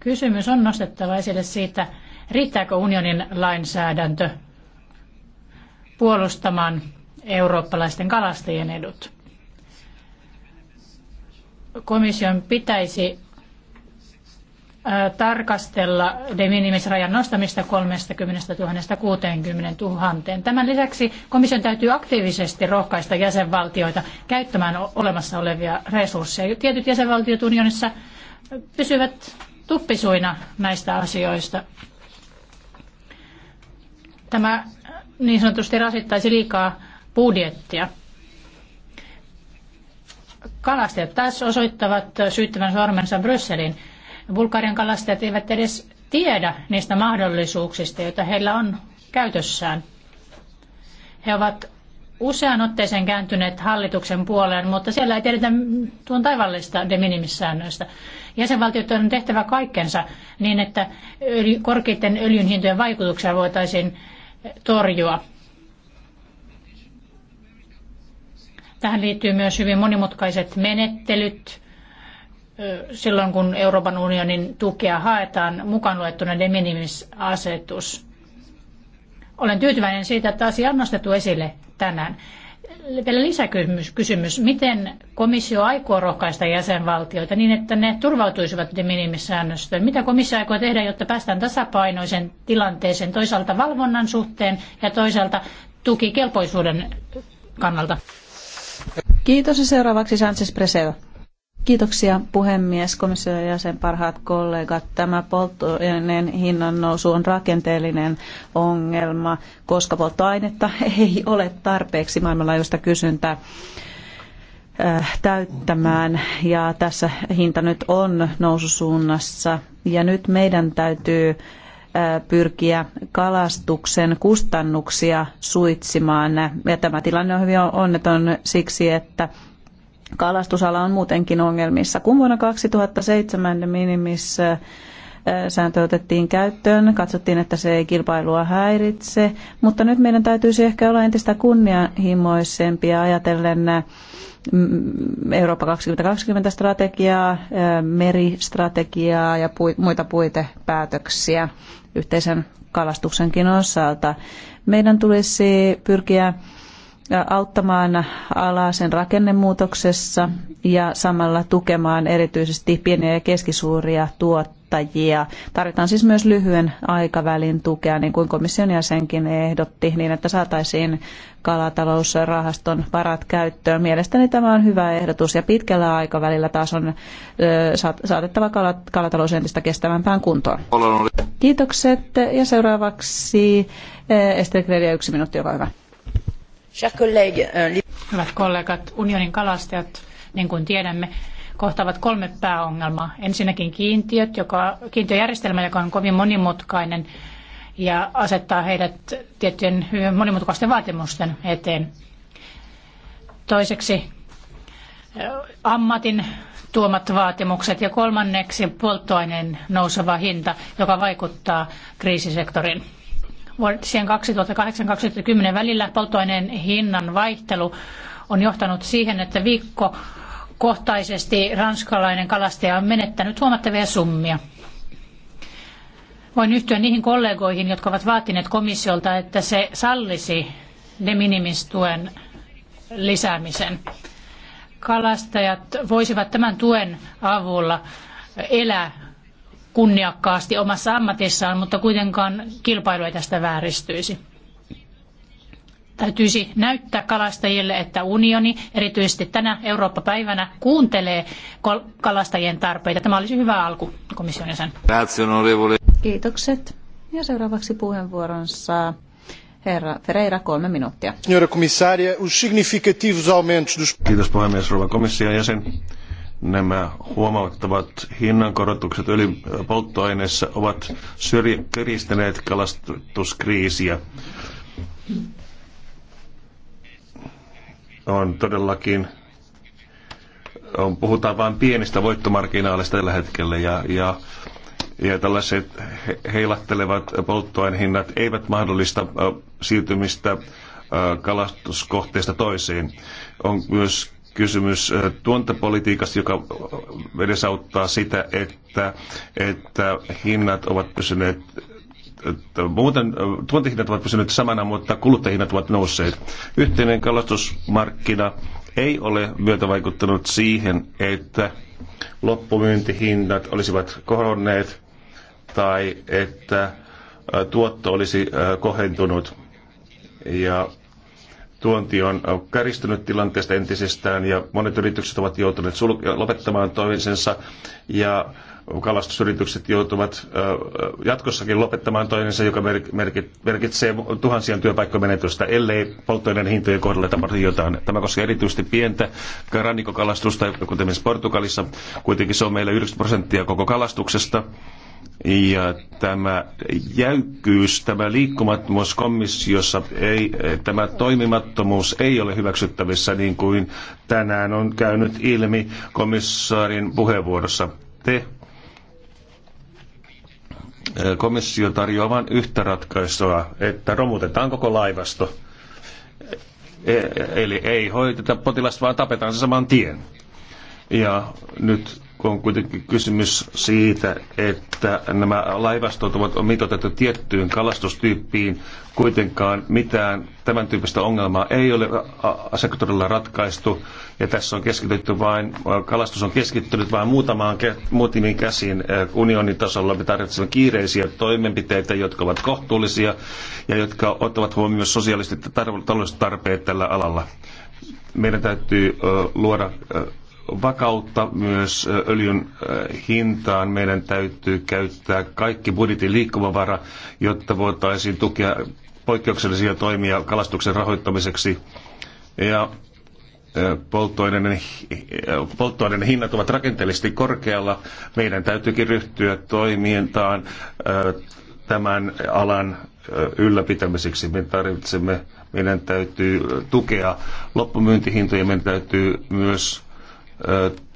Kysymys on nostettava esille siitä, Riittääkö unionin lainsäädäntö puolustamaan eurooppalaisten kalastajien edut? Komission pitäisi tarkastella de rajan nostamista 30 000 60 000. Tämän lisäksi komission täytyy aktiivisesti rohkaista jäsenvaltioita käyttämään olemassa olevia resursseja. Tietyt jäsenvaltiot unionissa pysyvät tuppisuina näistä asioista. Tämä niin sanotusti rasittaisi liikaa budjettia. Kalastajat taas osoittavat syyttävän sormensa Brysselin. Bulgarian kalastajat eivät edes tiedä niistä mahdollisuuksista, joita heillä on käytössään. He ovat usean otteeseen kääntyneet hallituksen puoleen, mutta siellä ei tiedetä tuon taivallista de minimissäännöistä. Jäsenvaltiot on tehtävä kaikkensa niin, että korkeiden öljyn hintojen vaikutuksia voitaisiin torjua. Tähän liittyy myös hyvin monimutkaiset menettelyt silloin, kun Euroopan unionin tukea haetaan, mukaan luettuna de minimis-asetus. Olen tyytyväinen siitä, että asia on nostettu esille tänään vielä lisäkysymys. Miten komissio aikoo rohkaista jäsenvaltioita niin, että ne turvautuisivat de minimissäännöstöön? Mitä komissio aikoo tehdä, jotta päästään tasapainoisen tilanteeseen toisaalta valvonnan suhteen ja toisaalta tukikelpoisuuden kannalta? Kiitos ja seuraavaksi Sanchez Preseo. Kiitoksia puhemies, komission jäsen, parhaat kollegat. Tämä polttoaineen hinnan nousu on rakenteellinen ongelma, koska polttoainetta ei ole tarpeeksi maailmanlaajuista kysyntää äh, täyttämään ja tässä hinta nyt on noususuunnassa ja nyt meidän täytyy äh, pyrkiä kalastuksen kustannuksia suitsimaan. Ja tämä tilanne on hyvin onneton siksi, että Kalastusala on muutenkin ongelmissa. Kun vuonna 2007 minimis sääntö otettiin käyttöön, katsottiin, että se ei kilpailua häiritse, mutta nyt meidän täytyisi ehkä olla entistä kunnianhimoisempia ajatellen Eurooppa 2020-strategiaa, meristrategiaa ja muita puitepäätöksiä yhteisen kalastuksenkin osalta. Meidän tulisi pyrkiä auttamaan alaa sen rakennemuutoksessa ja samalla tukemaan erityisesti pieniä ja keskisuuria tuottajia. Tarvitaan siis myös lyhyen aikavälin tukea, niin kuin komission jäsenkin ehdotti, niin että saataisiin kalatalousrahaston varat käyttöön. Mielestäni tämä on hyvä ehdotus ja pitkällä aikavälillä taas on saatettava kalatalous entistä kestävämpään kuntoon. Kiitokset ja seuraavaksi Ester Kredia, yksi minuutti, olkaa hyvä. Hyvät kollegat, unionin kalastajat, niin kuin tiedämme, kohtaavat kolme pääongelmaa. Ensinnäkin kiintiöt, joka, kiintiöjärjestelmä, joka on kovin monimutkainen ja asettaa heidät tiettyjen hyvin monimutkaisten vaatimusten eteen. Toiseksi eh, ammatin tuomat vaatimukset ja kolmanneksi polttoaineen nouseva hinta, joka vaikuttaa kriisisektorin vuosien 2008-2010 välillä polttoaineen hinnan vaihtelu on johtanut siihen, että viikko kohtaisesti ranskalainen kalastaja on menettänyt huomattavia summia. Voin yhtyä niihin kollegoihin, jotka ovat vaatineet komissiolta, että se sallisi de minimistuen lisäämisen. Kalastajat voisivat tämän tuen avulla elää kunniakkaasti omassa ammatissaan, mutta kuitenkaan kilpailu ei tästä vääristyisi. Täytyisi näyttää kalastajille, että unioni erityisesti tänä Eurooppa-päivänä kuuntelee kalastajien tarpeita. Tämä olisi hyvä alku komission jäsen. Kiitokset. Ja seuraavaksi puheenvuoron saa herra Ferreira, kolme minuuttia. Kiitos puhemies, rouva komission jäsen Nämä huomattavat hinnankorotukset öljypolttoaineissa ovat syrjäkäristäneet kalastuskriisiä. On todellakin on, puhutaan vain pienistä voittomarginaaleista tällä hetkellä ja, ja, ja tällaiset heilattelevat polttoainehinnat eivät mahdollista siirtymistä kalastuskohteesta toiseen. On myös kysymys äh, tuontapolitiikasta, joka edesauttaa sitä, että, että hinnat ovat pysyneet muuten äh, tuontihinnat ovat pysyneet samana, mutta kuluttajahinnat ovat nousseet. Yhteinen kalastusmarkkina ei ole vaikuttanut siihen, että loppumyyntihinnat olisivat kohonneet tai että äh, tuotto olisi kohentunut. Ja tuonti on käristynyt tilanteesta entisestään ja monet yritykset ovat joutuneet sul- lopettamaan toisensa ja kalastusyritykset joutuvat jatkossakin lopettamaan toisensa, joka merkitsee tuhansien työpaikkomenetystä, ellei polttoaineen hintojen kohdalla tapahdu jotain. Tämä koskee erityisesti pientä rannikokalastusta, kuten esimerkiksi Portugalissa. Kuitenkin se on meillä 9 prosenttia koko kalastuksesta ja tämä jäykkyys, tämä liikkumattomuus komissiossa, ei, tämä toimimattomuus ei ole hyväksyttävissä niin kuin tänään on käynyt ilmi komissaarin puheenvuorossa. Te eh, komissio tarjoaa vain yhtä ratkaisua, että romutetaan koko laivasto. E, eli ei hoiteta potilasta, vaan tapetaan se saman tien. Ja nyt on kuitenkin kysymys siitä, että nämä laivastot ovat mitoitettu tiettyyn kalastustyyppiin. Kuitenkaan mitään tämän tyyppistä ongelmaa ei ole sektorilla ratkaistu. Ja tässä on keskitytty vain, kalastus on keskittynyt vain muutamaan muutimiin käsiin unionin tasolla. Me tarvitsemme kiireisiä toimenpiteitä, jotka ovat kohtuullisia ja jotka ottavat huomioon myös sosiaaliset ja taloudelliset tarpeet tällä alalla meidän täytyy luoda vakautta myös öljyn hintaan. Meidän täytyy käyttää kaikki budjetin liikkumavara, jotta voitaisiin tukea poikkeuksellisia toimia kalastuksen rahoittamiseksi. Ja polttoaineiden, polttoaineiden hinnat ovat rakenteellisesti korkealla. Meidän täytyykin ryhtyä toimintaan tämän alan ylläpitämiseksi. Me tarvitsemme, meidän täytyy tukea loppumyyntihintoja, meidän täytyy myös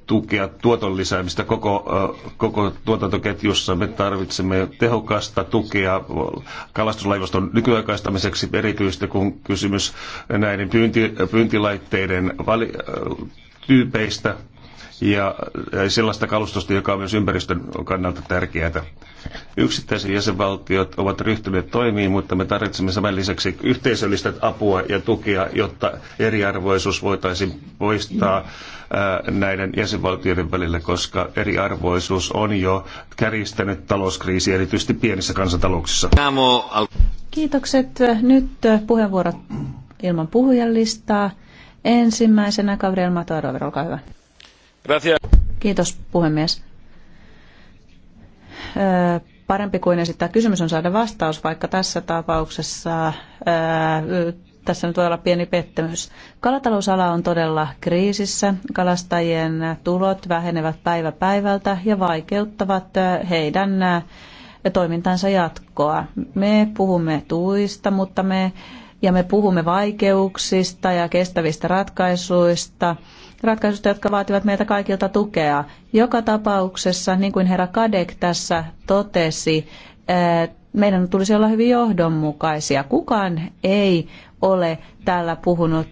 tukea tuoton lisäämistä koko, koko tuotantoketjussa. Me tarvitsemme tehokasta tukea kalastuslaivaston nykyaikaistamiseksi, erityisesti kun kysymys näiden pyynti, pyyntilaitteiden vali, tyypeistä ja sellaista kalustosta, joka on myös ympäristön kannalta tärkeää. Yksittäiset jäsenvaltiot ovat ryhtyneet toimiin, mutta me tarvitsemme saman lisäksi yhteisöllistä apua ja tukea, jotta eriarvoisuus voitaisiin poistaa näiden jäsenvaltioiden välillä, koska eriarvoisuus on jo kärjistänyt talouskriisi erityisesti pienissä kansantalouksissa. Kiitokset. Nyt puheenvuorot ilman puhujalistaa. Ensimmäisenä Gabriel Matador, olkaa hyvä. Kiitos puhemies. Parempi kuin esittää kysymys on saada vastaus, vaikka tässä tapauksessa tässä nyt voi olla pieni pettymys. Kalatalousala on todella kriisissä. Kalastajien tulot vähenevät päivä päivältä ja vaikeuttavat heidän toimintansa jatkoa. Me puhumme tuista, mutta me, ja me puhumme vaikeuksista ja kestävistä ratkaisuista – ratkaisusta, jotka vaativat meiltä kaikilta tukea. Joka tapauksessa, niin kuin herra Kadek tässä totesi, eh, meidän tulisi olla hyvin johdonmukaisia. Kukaan ei ole täällä puhunut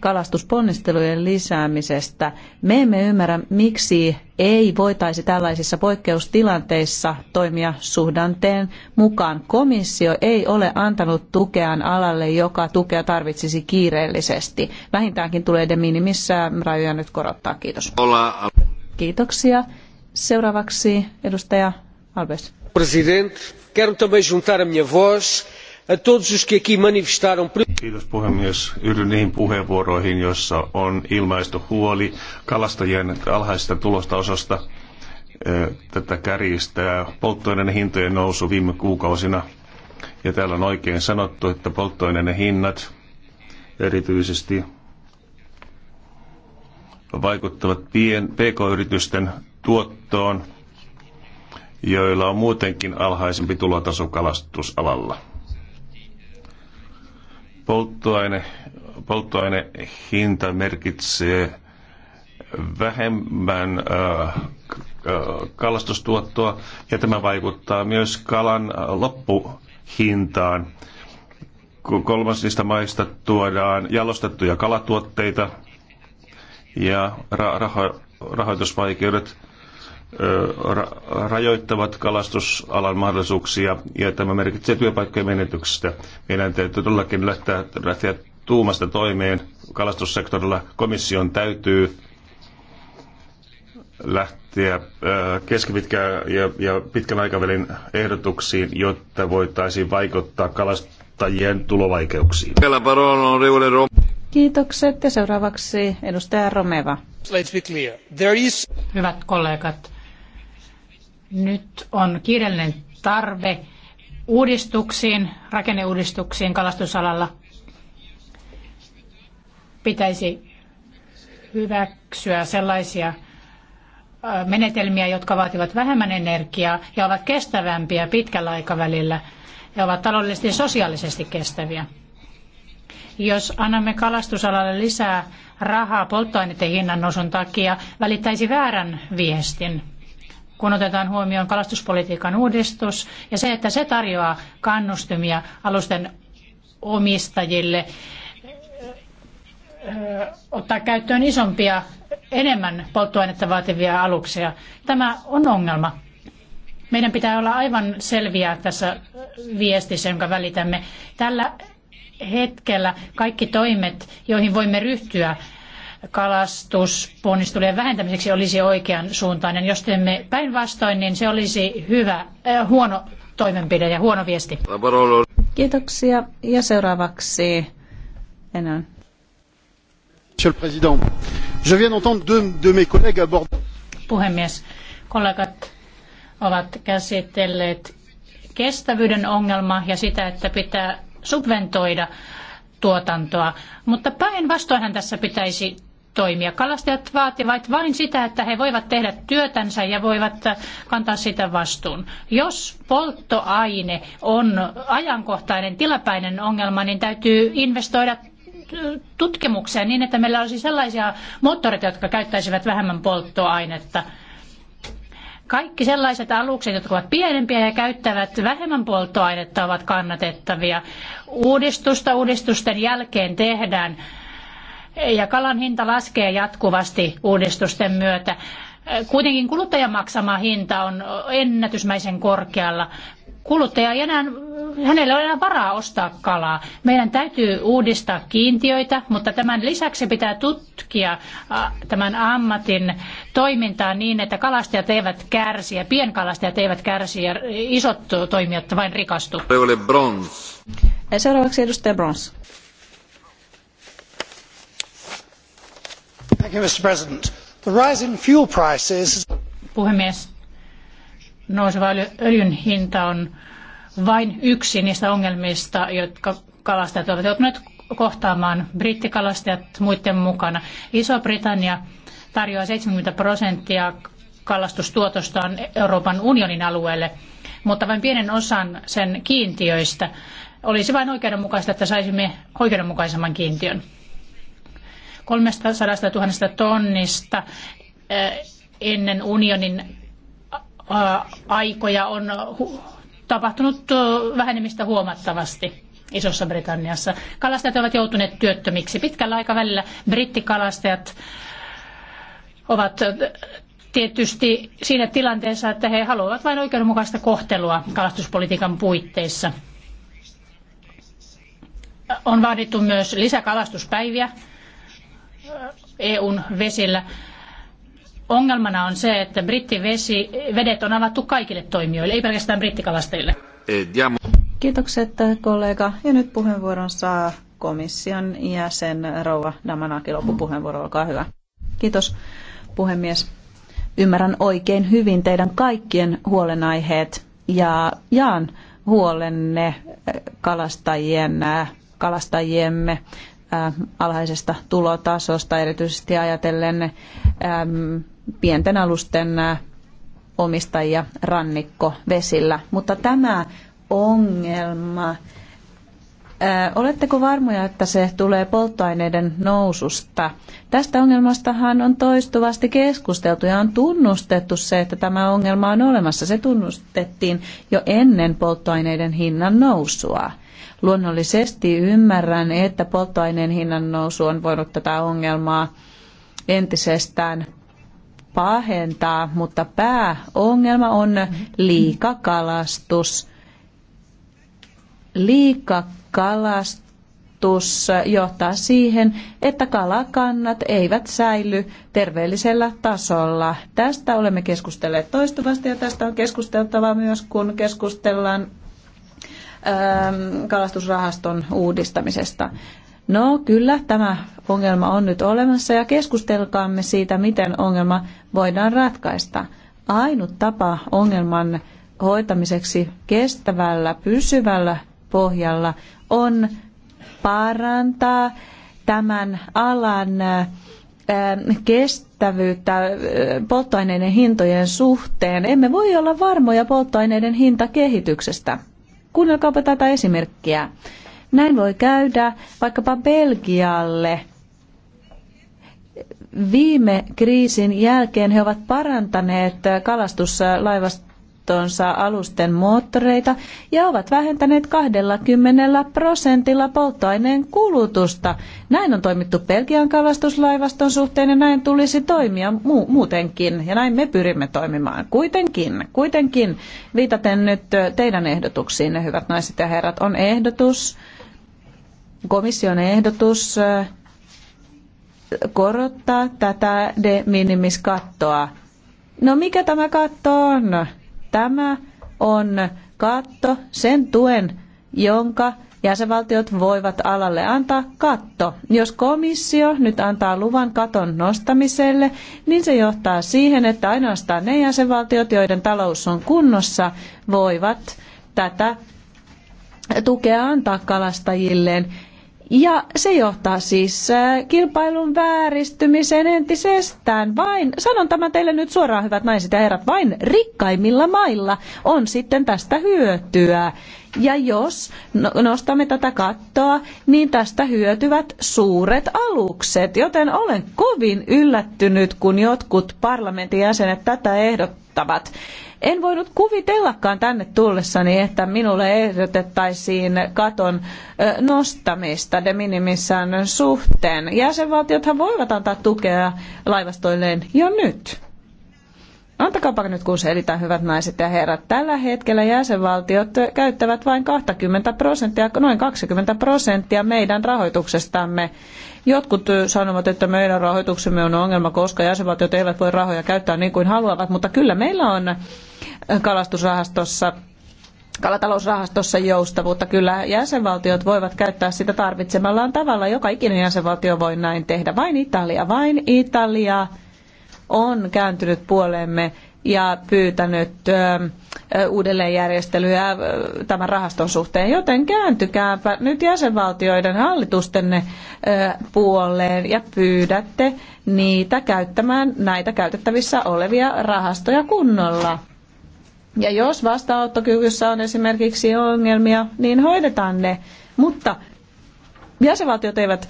kalastusponnistelujen lisäämisestä. Me emme ymmärrä, miksi ei voitaisi tällaisissa poikkeustilanteissa toimia suhdanteen mukaan. Komissio ei ole antanut tukeaan alalle, joka tukea tarvitsisi kiireellisesti. Vähintäänkin tulee de minimissä rajoja nyt korottaa. Kiitos. Kiitoksia. Seuraavaksi edustaja Alves presidente quero também juntar a minha voz a todos os que aqui manifestaram Kiitos puhemies. Yhdyn niihin puheenvuoroihin, joissa on ilmaistu huoli kalastajien alhaisesta tulostasosta. Tätä kärjistää polttoaineen hintojen nousu viime kuukausina. Ja täällä on oikein sanottu, että polttoaineen hinnat erityisesti vaikuttavat pien, pk-yritysten tuottoon – joilla on muutenkin alhaisempi tulotaso kalastusalalla. Polttoaine, polttoainehinta merkitsee vähemmän äh, äh, kalastustuottoa ja tämä vaikuttaa myös kalan äh, loppuhintaan. Kolmansista maista tuodaan jalostettuja kalatuotteita ja ra- raho- rahoitusvaikeudet rajoittavat kalastusalan mahdollisuuksia ja tämä merkitsee työpaikkojen menetyksestä. Meidän täytyy todellakin lähteä, lähteä tuumasta toimeen kalastussektorilla. Komission täytyy lähteä keskipitkään ja, ja pitkän aikavälin ehdotuksiin, jotta voitaisiin vaikuttaa kalastajien tulovaikeuksiin. Kiitokset ja seuraavaksi edustaja Romeva. Hyvät kollegat, nyt on kiireellinen tarve uudistuksiin, rakenneuudistuksiin kalastusalalla. Pitäisi hyväksyä sellaisia menetelmiä, jotka vaativat vähemmän energiaa ja ovat kestävämpiä pitkällä aikavälillä ja ovat taloudellisesti ja sosiaalisesti kestäviä. Jos annamme kalastusalalle lisää rahaa polttoaineiden hinnan nousun takia, välittäisi väärän viestin kun otetaan huomioon kalastuspolitiikan uudistus ja se, että se tarjoaa kannustimia alusten omistajille eh, ottaa käyttöön isompia, enemmän polttoainetta vaativia aluksia. Tämä on ongelma. Meidän pitää olla aivan selviä tässä viestissä, jonka välitämme. Tällä hetkellä kaikki toimet, joihin voimme ryhtyä, kalastusponnistelujen vähentämiseksi olisi oikean suuntainen. Jos teemme päinvastoin, niin se olisi hyvä, äh, huono toimenpide ja huono viesti. Kiitoksia. Ja seuraavaksi Enan. Monsieur le Président, je viens d'entendre deux de mes collègues Puhemies, kollegat ovat käsitelleet kestävyyden ongelmaa ja sitä, että pitää subventoida tuotantoa. Mutta päinvastoinhan tässä pitäisi toimia. Kalastajat vaativat vain sitä, että he voivat tehdä työtänsä ja voivat kantaa sitä vastuun. Jos polttoaine on ajankohtainen, tilapäinen ongelma, niin täytyy investoida tutkimukseen niin, että meillä olisi sellaisia moottoreita, jotka käyttäisivät vähemmän polttoainetta. Kaikki sellaiset alukset, jotka ovat pienempiä ja käyttävät vähemmän polttoainetta, ovat kannatettavia. Uudistusta uudistusten jälkeen tehdään ja kalan hinta laskee jatkuvasti uudistusten myötä. Kuitenkin kuluttajan maksama hinta on ennätysmäisen korkealla. Kuluttaja ei enää, hänellä ei enää varaa ostaa kalaa. Meidän täytyy uudistaa kiintiöitä, mutta tämän lisäksi pitää tutkia tämän ammatin toimintaa niin, että kalastajat eivät kärsi ja pienkalastajat eivät kärsi ja isot toimijat vain rikastu. Seuraavaksi edustaja Brons. mr president the rise in fuel prices. puhemies nouseva öljyn hinta on vain yksi niistä ongelmista jotka kalastajat ovat joutuneet kohtaamaan brittikalastajat muiden mukana. Iso-Britannia tarjoaa 70 prosenttia kalastustuotostaan Euroopan unionin alueelle, mutta vain pienen osan sen kiintiöistä. Olisi vain oikeudenmukaista, että saisimme oikeudenmukaisemman kiintiön. 300 000 tonnista eh, ennen unionin eh, aikoja on tapahtunut eh, vähenemistä huomattavasti. Isossa Britanniassa. Kalastajat ovat joutuneet työttömiksi. Pitkällä aikavälillä brittikalastajat ovat tietysti siinä tilanteessa, että he haluavat vain oikeudenmukaista kohtelua kalastuspolitiikan puitteissa. On vaadittu myös lisäkalastuspäiviä EUn vesillä. Ongelmana on se, että vedet on avattu kaikille toimijoille, ei pelkästään brittikalastajille. Kiitokset kollega. Ja nyt puheenvuoron saa komission jäsen Rouva Damanaki. Loppupuheenvuoro, olkaa hyvä. Kiitos puhemies. Ymmärrän oikein hyvin teidän kaikkien huolenaiheet ja jaan huolenne kalastajien, kalastajiemme alhaisesta tulotasosta, erityisesti ajatellen pienten alusten omistajia rannikkovesillä. Mutta tämä ongelma Oletteko varmoja, että se tulee polttoaineiden noususta? Tästä ongelmastahan on toistuvasti keskusteltu ja on tunnustettu se, että tämä ongelma on olemassa. Se tunnustettiin jo ennen polttoaineiden hinnan nousua. Luonnollisesti ymmärrän, että polttoaineen hinnan nousu on voinut tätä ongelmaa entisestään pahentaa, mutta pääongelma on liikakalastus. Liikakalastus kalastus johtaa siihen, että kalakannat eivät säily terveellisellä tasolla. Tästä olemme keskustelleet toistuvasti ja tästä on keskusteltava myös, kun keskustellaan ähm, kalastusrahaston uudistamisesta. No kyllä, tämä ongelma on nyt olemassa ja keskustelkaamme siitä, miten ongelma voidaan ratkaista. Ainut tapa ongelman hoitamiseksi kestävällä, pysyvällä pohjalla on parantaa tämän alan kestävyyttä polttoaineiden hintojen suhteen. Emme voi olla varmoja polttoaineiden hintakehityksestä. Kuunnelkaapa tätä esimerkkiä. Näin voi käydä vaikkapa Belgialle. Viime kriisin jälkeen he ovat parantaneet kalastuslaivasta polttoonsa alusten moottoreita ja ovat vähentäneet 20 prosentilla polttoaineen kulutusta. Näin on toimittu Belgian kalastuslaivaston suhteen ja näin tulisi toimia mu- muutenkin ja näin me pyrimme toimimaan. Kuitenkin, kuitenkin viitaten nyt teidän ehdotuksiinne, hyvät naiset ja herrat, on ehdotus, komission ehdotus äh, korottaa tätä de minimis kattoa. No mikä tämä katto on? Tämä on katto, sen tuen, jonka jäsenvaltiot voivat alalle antaa katto. Jos komissio nyt antaa luvan katon nostamiselle, niin se johtaa siihen, että ainoastaan ne jäsenvaltiot, joiden talous on kunnossa, voivat tätä tukea antaa kalastajilleen. Ja se johtaa siis äh, kilpailun vääristymiseen entisestään. Vain, sanon tämän teille nyt suoraan, hyvät naiset ja herrat, vain rikkaimmilla mailla on sitten tästä hyötyä. Ja jos no, nostamme tätä kattoa, niin tästä hyötyvät suuret alukset. Joten olen kovin yllättynyt, kun jotkut parlamentin jäsenet tätä ehdottavat. En voinut kuvitellakaan tänne tullessani, että minulle ehdotettaisiin katon nostamista de minimissään suhteen. Jäsenvaltiothan voivat antaa tukea laivastoilleen jo nyt. Antakaapa nyt kun selitän, hyvät naiset ja herrat. Tällä hetkellä jäsenvaltiot käyttävät vain 20 prosenttia, noin 20 prosenttia meidän rahoituksestamme. Jotkut sanovat, että meidän rahoituksemme on ongelma, koska jäsenvaltiot eivät voi rahoja käyttää niin kuin haluavat, mutta kyllä meillä on kalastusrahastossa kalatalousrahastossa joustavuutta. Kyllä jäsenvaltiot voivat käyttää sitä tarvitsemallaan tavalla. Joka ikinen jäsenvaltio voi näin tehdä. Vain Italia, vain Italia on kääntynyt puoleemme ja pyytänyt uudelleenjärjestelyä tämän rahaston suhteen. Joten kääntykääpä nyt jäsenvaltioiden hallitustenne puoleen ja pyydätte niitä käyttämään näitä käytettävissä olevia rahastoja kunnolla. Ja jos vastaanottokyvyssä on esimerkiksi ongelmia, niin hoidetaan ne. Mutta jäsenvaltiot eivät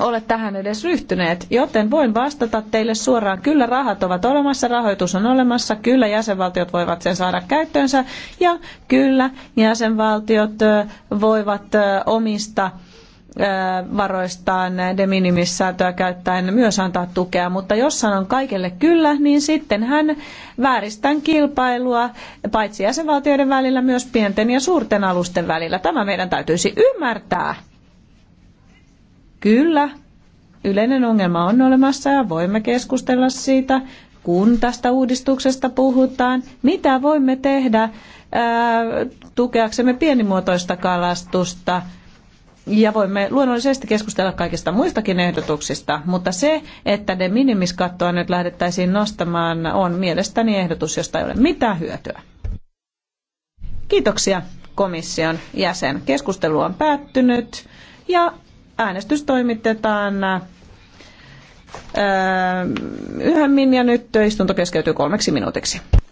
ole tähän edes ryhtyneet, joten voin vastata teille suoraan. Kyllä rahat ovat olemassa, rahoitus on olemassa, kyllä jäsenvaltiot voivat sen saada käyttöönsä ja kyllä jäsenvaltiot voivat omista varoistaan de minimis säätöä käyttäen myös antaa tukea, mutta jos sanon kaikelle kyllä, niin sitten hän vääristän kilpailua paitsi jäsenvaltioiden välillä myös pienten ja suurten alusten välillä. Tämä meidän täytyisi ymmärtää. Kyllä, yleinen ongelma on olemassa ja voimme keskustella siitä, kun tästä uudistuksesta puhutaan. Mitä voimme tehdä ää, tukeaksemme pienimuotoista kalastusta? Ja voimme luonnollisesti keskustella kaikista muistakin ehdotuksista, mutta se, että de kattoa nyt lähdettäisiin nostamaan, on mielestäni ehdotus, josta ei ole mitään hyötyä. Kiitoksia komission jäsen. Keskustelu on päättynyt ja äänestys toimitetaan äh, yhden minja nyt istunto keskeytyy kolmeksi minuutiksi.